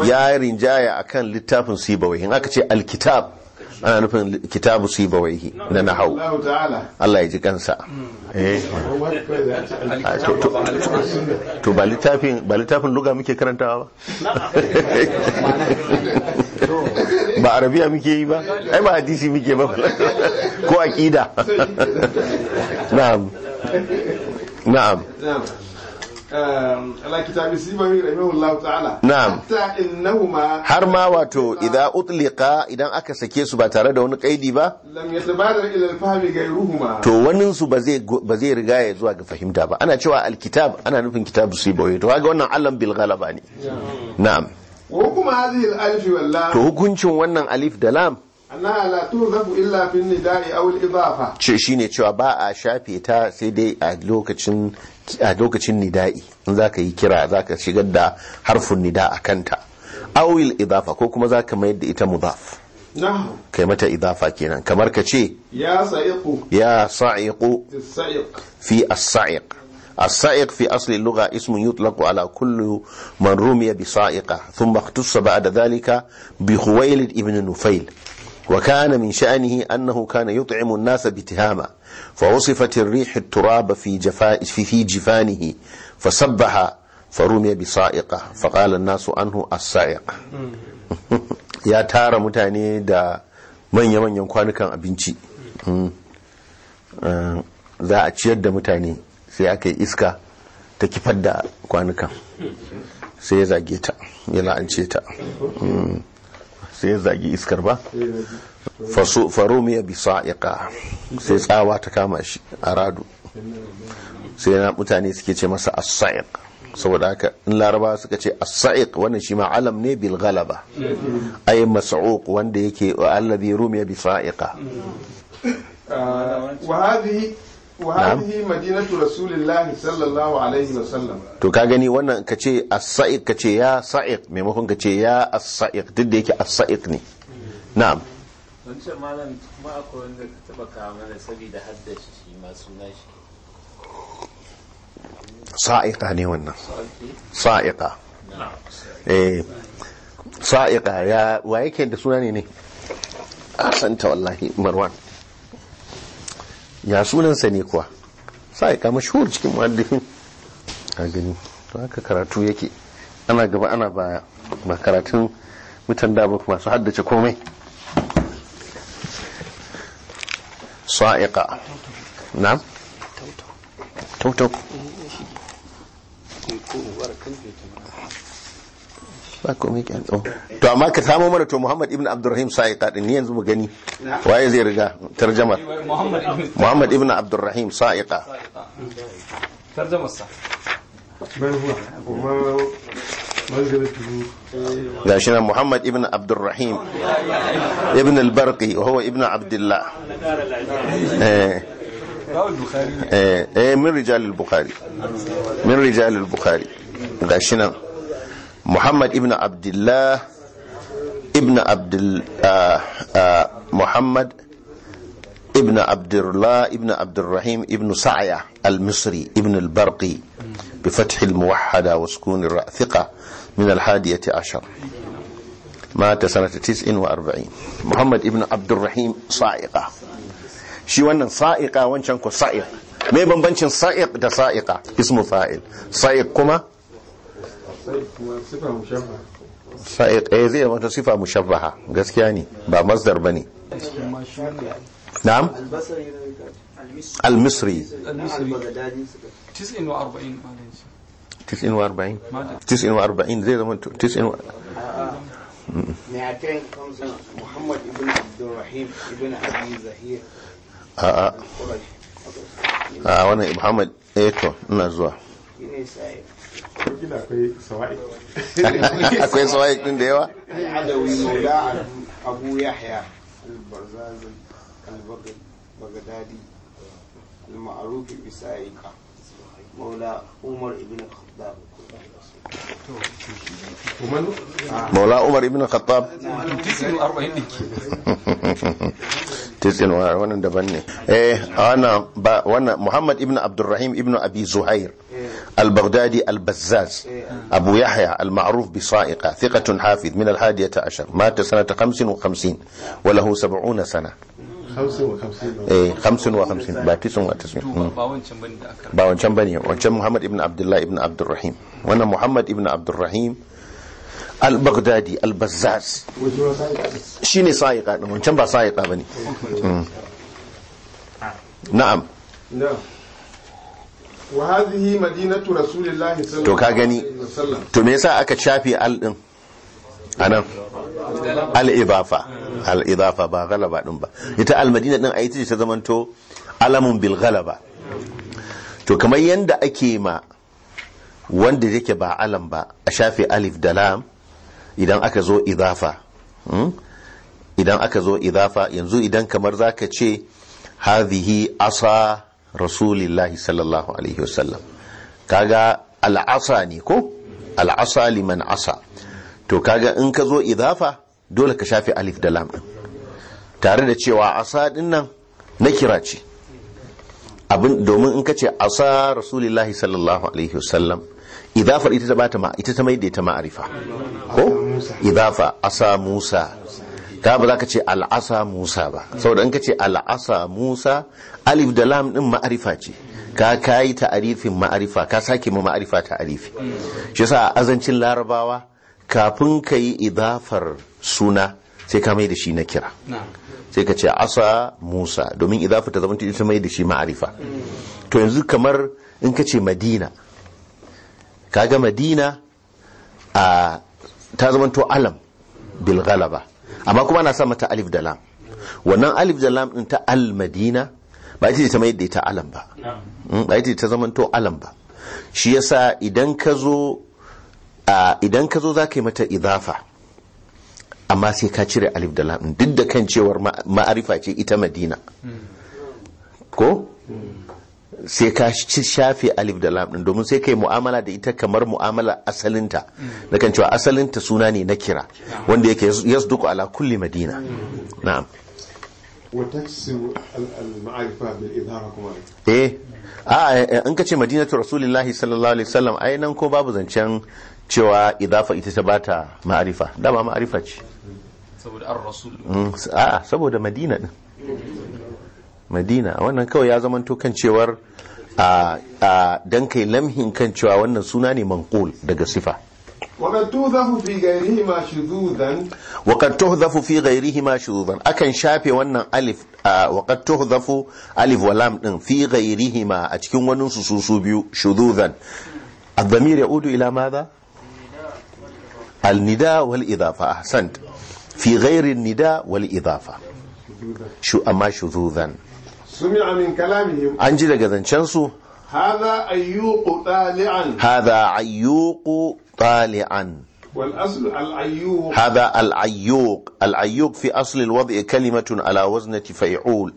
ya rinjaya akan littafin sibawai in aka ce alkitab ana nufin kitabu wai na nahau Allah ya ji kansa eh. ah, to ba littafin ba littafin luga muke karantawa ba ba arabiya muke yi ba ai ba hadisi muke ba ko aqida na'am na'am Um, ala kitabi na'am har ma wato idan utlika idan aka sake su ba tare da wani kaidi ba to wannan su ba zai ba zai riga ya zuwa ga fahimta ba ana cewa alkitab ana nufin kitabu sibari to kaga wannan allan bil ne na'am to hukuncin wannan alif da lam shi ne shine cewa ba a shafe ta sai dai a lokacin a lokacin nida'i in ka yi kira za ka shigar da harfin nida a kanta awil idafa ko kuma za ka mayar da ita mudaf kai mata idafa kenan kamar ka ce ya sa'iqu fi as-sa'iq as-sa'iq fi asli lugha ismun yutlaqu ala kulli man rumiya bi sa'iqa thumma ba ba'da dhalika bi khuwailid ibn nufail wa kana min sha'anihi annahu kana yut'imu an-nasa bi tihama fa wasifat ar-rih at-turab fi jifanihi fa sabbaha fa rumiya bi sa'iqa fa qala nasu annahu as-sa'iq ya tara mutane da manyan manyan kwanukan abinci za'a ciyar da mutane sai aka iska ta kifar da kwanukan sai ya zage ta yana an ta sai ya zagi iskar ba farumiya bi sa'iqa sai tsawa ta kama shi a radu sai na mutane suke ce masa as-sa'iq saboda haka in laraba suka ce as-sa'iq wannan shi ma alam ne bil ghalaba ay mas'uq wanda yake allazi rumiya bi sa'iqa wa hadhihi to ka gani wannan ka ce as-sa'iq ka ce ya sa'iq maimakon ka ce ya as-sa'iq duk da yake as-sa'iq ne na'am don ce malam kuma akwai wanda ka taba kawo mana saboda haddashi shi masu suna shi sa'iqa ne wannan sa'iqa eh sa'iqa ya wa yake da suna ne ne asanta wallahi marwan ya sunansa ne kuwa ya kama shuhur cikin muhallifin a gani to haka karatu yake ana gaba ana baya ba karatun mutan da ba masu haddace komai sa'iqa na tautau ba komai kyan tsawo to amma ka samo mana to muhammad ibn abdurrahim sa'id ta ni yanzu mu gani waye zai riga tarjamar muhammad ibn abdurrahim sa'id ta tarjamar sa nan muhammad ibn abdurrahim ibn al-barqi wa huwa ibn abdullah eh, eh eh min rijal al-bukhari min rijal al-bukhari nan. muhammad ibn abdullah ibn abdul uh, uh, muhammad ibn abdullah ibn abdurrahim ibn sa'ya al-misri ibn al-barqi بفتح الموحدة وسكون الراء ثقة من الحادية عشر مات سنة تسع وأربعين محمد Muhammad Ibn الرحيم Sa'iqa. Shi wannan sa'iqa wancan ko sa'iq me bambancin sa'iq da sa'iqa ismu fa'il sa'iq kuma sa'iq eh zai wata sifa mushabbaha gaskiya ne ba masdar bane na'am al-misri al-misri 94 94 94 zai zama 94 Muhammad ibn Abdul Rahim ibn Abi Zahir. A'a. A'a wannan Muhammad eh to ina zuwa. akwai sawa'ik din da yawa abu yahya albarzazi albagadadi المعروف بسائقة مولى umar بن مولاه عمر بن الخطاب 49 wannan daban ne eh ana ba wannan Muhammad ibn Abdurrahim ibn Abi Zuhair al-Baghdadi al-Bazzaz Abu Yahya al-ma'ruf bi sa'iqa thiqatun hafiz min al-hadiyata ashar mata sanata 55 wa lahu 70 sana eh hamsin wa hamsin ba tisun wa tisun hmm. ba wancan bane wancan muhammad ibn abdullah ibn abdurrahim wannan muhammad ibn abdurrahim al-baghdadi al-bazzaz shine sa'iqa din wancan ba sa'iqa bane hmm. na'am wa hadhihi madinatu rasulillahi sallallahu alaihi wasallam to me yasa aka shafe al din anan al al’idafa ba galaba ɗin ba ita al-madina a yi ta zamanto alamun bil galaba to kamar yadda ake ma wanda yake ba alam ba a shafe alif da lam idan aka zo idafa hmm? idan aka zo idafa yanzu idan kamar za ka ce hadhihi asa rasulillahi sallallahu alaihi wasallam kaga al'asa ne ko al'asa liman asa to kaga in ka zo idafa dole ka shafe alif da lam tare da cewa asa din nan na kira ce abin domin in ka ce asa rasulullahi sallallahu alaihi wasallam idafar ita ta bata ma ita ta mai da ita ma'arifa ko idafa asa musa ta ba za ka ce al'asa musa ba saboda in ka ce al'asa musa alif da lam din ma'arifa ce ka kayi ta'arifin ma'arifa ka sake ma ma'arifa ta'arifi shi a azancin larabawa kafin ka yi idafar suna sai ka mai da shi na kira sai ka ce asa musa domin idafar ta zama ta mai da shi ma'arifa to yanzu kamar in ka ce madina kaga madina a ta zama to alam bil amma kuma ana sa mata alif da wannan alif Dalam lam din ta al madina ba ita ta mai da ita alam ba hmm, ba ita ta zama to alam ba shi yasa idan ka zo idan ka zo za ka yi mata idafa amma sai ka cire alif da lam duk da kan cewar ma'arifa ce ita madina ko sai ka shafe alif da lam domin sai kai mu'amala da ita kamar mu'amala asalinta da kan cewa asalinta suna ne na kira wanda yake yasduku ala kulli madina na'am eh a in ka ce madinatu rasulillahi sallallahu alaihi wasallam ai nan ko babu zancen cewa idafa ita ta bata ma'arifa dama ma'arifa ce saboda an rasul mm, a saboda madina din madina wannan kawai ya zama kan cewar a dan kai lamhin kan cewa wannan suna ne manqul daga sifa وقد تهذف في fi شذوذا وقد تهذف في غيرهما شذوذا akan shafe wannan alif وقد zafu alif wa lam din fi ghairihima a cikin wani su su biyu shuduzan الضمير يعود ila ماذا النداء والإضافة أحسنت في غير النداء والإضافة شو أما شذوذا سمع من كلامهم أنجي لقد شنسو هذا أيوق طالعا هذا عيوق طالعا والأصل العيوق هذا العيوق العيوق في أصل الوضع كلمة على وزنة فيعول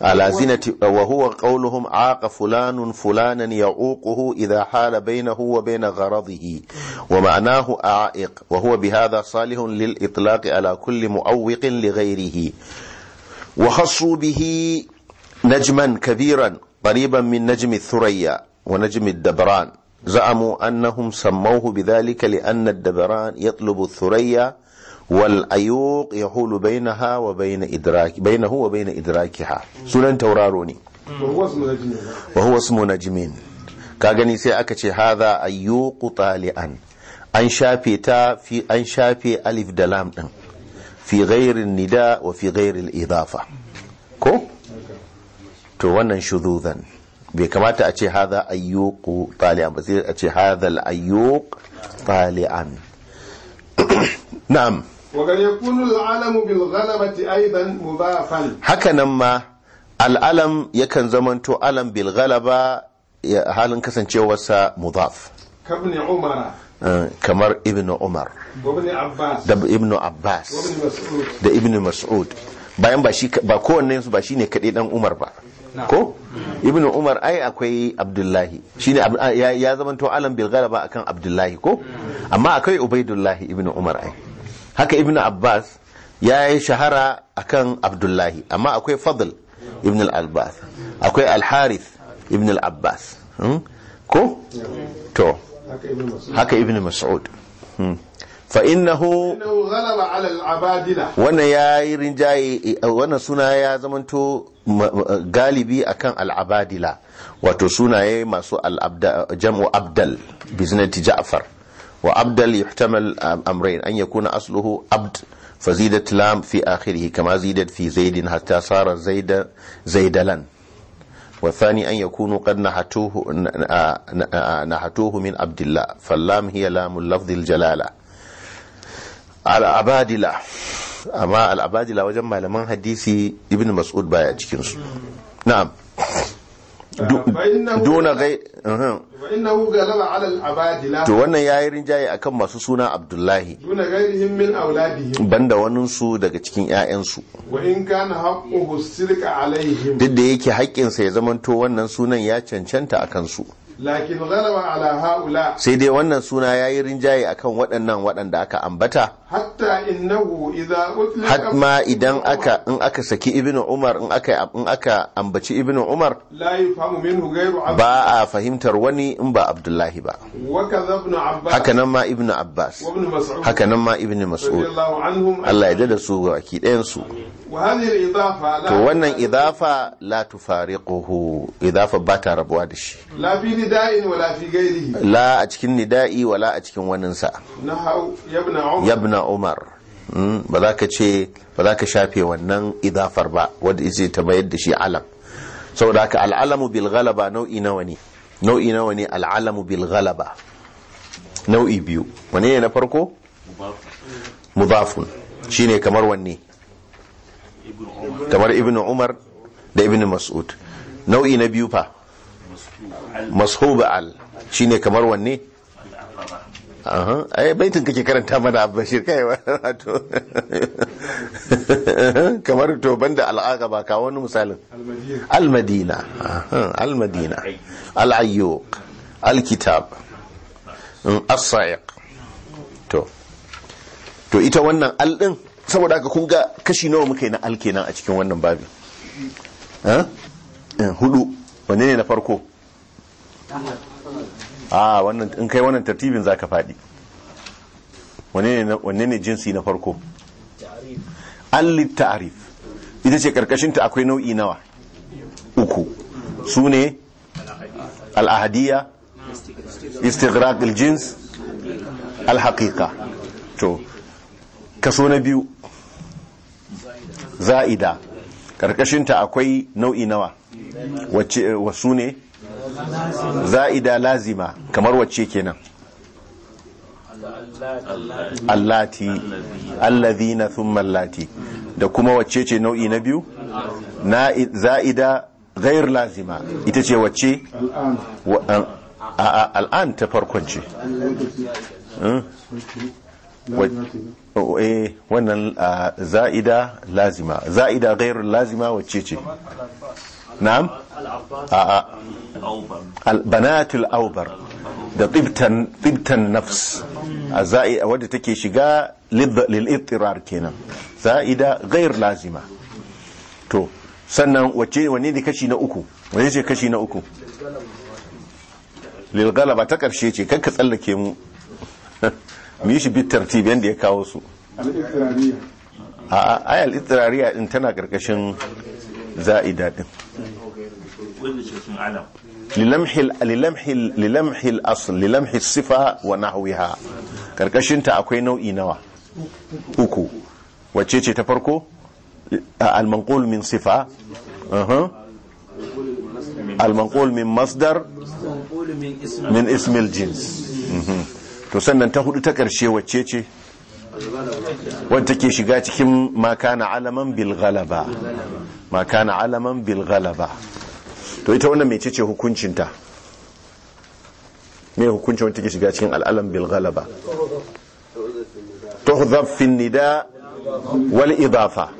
على زينة وهو قولهم عاق فلان فلانا يعوقه إذا حال بينه وبين غرضه ومعناه أعائق وهو بهذا صالح للإطلاق على كل مؤوق لغيره وخصوا به نجما كبيرا قريبا من نجم الثريا ونجم الدبران زعموا أنهم سموه بذلك لأن الدبران يطلب الثريا Wal'ayyuk ayuq yahulu bainaha wa baina bainahu wa baina idrakiha sunan tauraro ne wa huwa ismu najmin ka gani sai aka ce haza ayyuku tali'an an shafe ta fi an shafe alif da lam din fi ghairi nida wa fi ghairi idafa ko to wannan shudhudan bai kamata a ce haza ayyuku tali'an ba sai a ce haza ayyuk tali'an na'am haka nan ma al'alam أيضا مضافا هكذا ما العلم يكن زمن تو علم بالغلبة halin kasancewarsa mudaf eh, kamar ibn umar da ibn abbas da ibn mas'ud bayan ba shi ba kowanne su ba shine kadai dan umar ba ko ibn umar ai akwai abdullahi shine ya zamanto alam bil akan abdullahi ko mm. amma akwai ubaidullahi ibn umar ai haka ibn abbas ya yi shahara akan abdullahi amma akwai fadl ibn al-abbas akwai al-harith ibn al-abbas hmm? ko to haka ibn mas'ud hmm. fa innahu wannan ya yi rinjaye wannan suna ya zamanto galibi akan al-abadila wato sunaye masu al-jam'u abdal biznati ja'far wa abdal yuhtamal um, amrain an yakuna asluhu abd fa zidat lam fi akhirih kama zidat fi zaidin hatta sara zaida zaidalan wa thani an yakunu qad nahatuhu nahatuhu min abdillah fallam hiya lamul lafdh aljalala al abadila amma al abadila wajen malaman hadisi ibn mas'ud baya cikin na'am duna gai uh-huh. to wannan ya yi rinjaye akan masu suna abdullahi banda waninsu daga cikin 'ya'yansu duk da yake haƙƙinsa ya zamanto wannan sunan ya cancanta a kansu lakin ghalaba ala haula sai dai wannan suna yayi rinjaye akan waɗannan waɗanda aka ambata hatta innahu idza utlika hatma idan aka in aka saki ibnu umar in aka in aka ambaci ibnu umar la yafhamu minhu ghayru ba a fahimtar wani in ba abdullahi ba wa kadha ibn abbas haka nan ma ibnu abbas haka nan ma ibnu mas'ud Allah ya dada su baki ɗayan su to wannan idafa la tufariquhu idafa ba ta rabuwa da shi nida'in wala fi gairihi la a cikin nida'i wala a cikin waninsa yabna umar hmm? ba za ka ce ba za ka shafe wannan idafar ba wadda ita ta mayar da shi alam saboda ka al'alamu bil ghalaba nau'i nawa ne nau'i nawa ne al'alamu bil ghalaba nau'i biyu wane ne na farko mudafun shine kamar wanne kamar ibnu umar da ibnu mas'ud nau'i na biyu fa mashubu al shi ne kamar wanne aha ai baitin kake karanta mana bashir kai wato kamar to banda Al'aga ba ka wani misalin al-madina al-madina al-ayyuq al-kitab mm, as-sa'iq to to ita wannan al din saboda haka kun ga kashi nawa muka yi na al kenan a cikin wannan babi eh, hudu wanne ne na farko a ah, wannan in kai wannan tartibin zaka faɗi wanne ne jinsi na farko allit ta'arif ita ce karkashinta akwai nau'i nawa uku su ne al'ahadiyya istighraq aljins alhaqiqa to kaso na biyu za'ida karkashinta akwai nau'i nawa wacce eh, wasu ne za'ida lazima kamar wacce kenan allati allazina thumma allati da kuma wacce ce nau'i na biyu na za'ida ghair lazima ita ce wacce al'an ta farkon ce hmm? Oh, eh wannan ah, za'ida lazima za'ida gairu lazima wacce ce na'am a ah, ah. albanatul aubar da tibtan nafs a za'ida wadda take shiga lil kenan za'ida gairu lazima to sannan wacce wanne ne kashi na uku wanne ce kashi na uku lil galaba ta karshe ce kanka tsallake mu mu yi shi bi tartib yadda ya kawo su a ayal itirariya din tana karkashin za'ida din lilamhil asl lilamhil sifa wa nahwiha ta akwai nau'i nawa uku wacce ce ta farko al-manqul min sifa al-manqul min masdar min ismil jins mhm. to sannan ta hudu ta ƙarshe wacce ce wadda ke shiga cikin makana alaman bilgalaba makana alaman bilgalaba to ita wannan mai ce hukuncinta mai hukuncin wadda ke shiga cikin al'alam bilgalaba tuhzafin nida wal idafa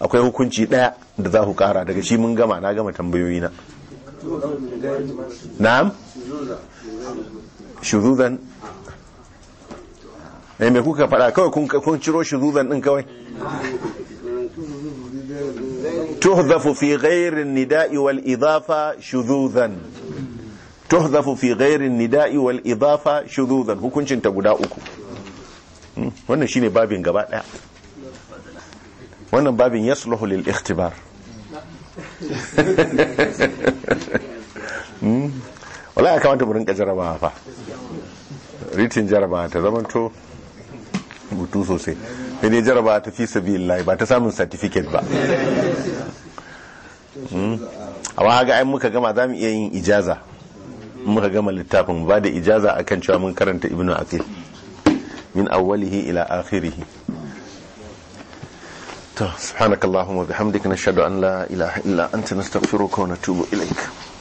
akwai hukunci daya da za ku kara daga shi mun gama na gama tambayoyi na na'am Shududan? ne eh, me kuka faɗa kawai kun ciro shududan din kawai fi تهذف nida'i wal idafa shududan. tuhzafu fi في nida'i wal idafa shududan. hukuncin ta guda uku hmm? wannan shine babin gaba daya wannan babin yasluhu lil ikhtibar hmm? wala ya wanta mu rinka jarabawa fa ritin jaraba ta zamanto mutu sosai sai dai jaraba ta fi sabi illahi ba ta samun certificate ba hmm? amma haga ai muka gama za mu iya yin ijaza muka gama littafin ba da ijaza akan cewa mun karanta ibnu aqil min awwalihi ila akhirihi to subhanakallahumma bihamdika nashhadu an la ilaha illa anta nastaghfiruka wa natubu ilaik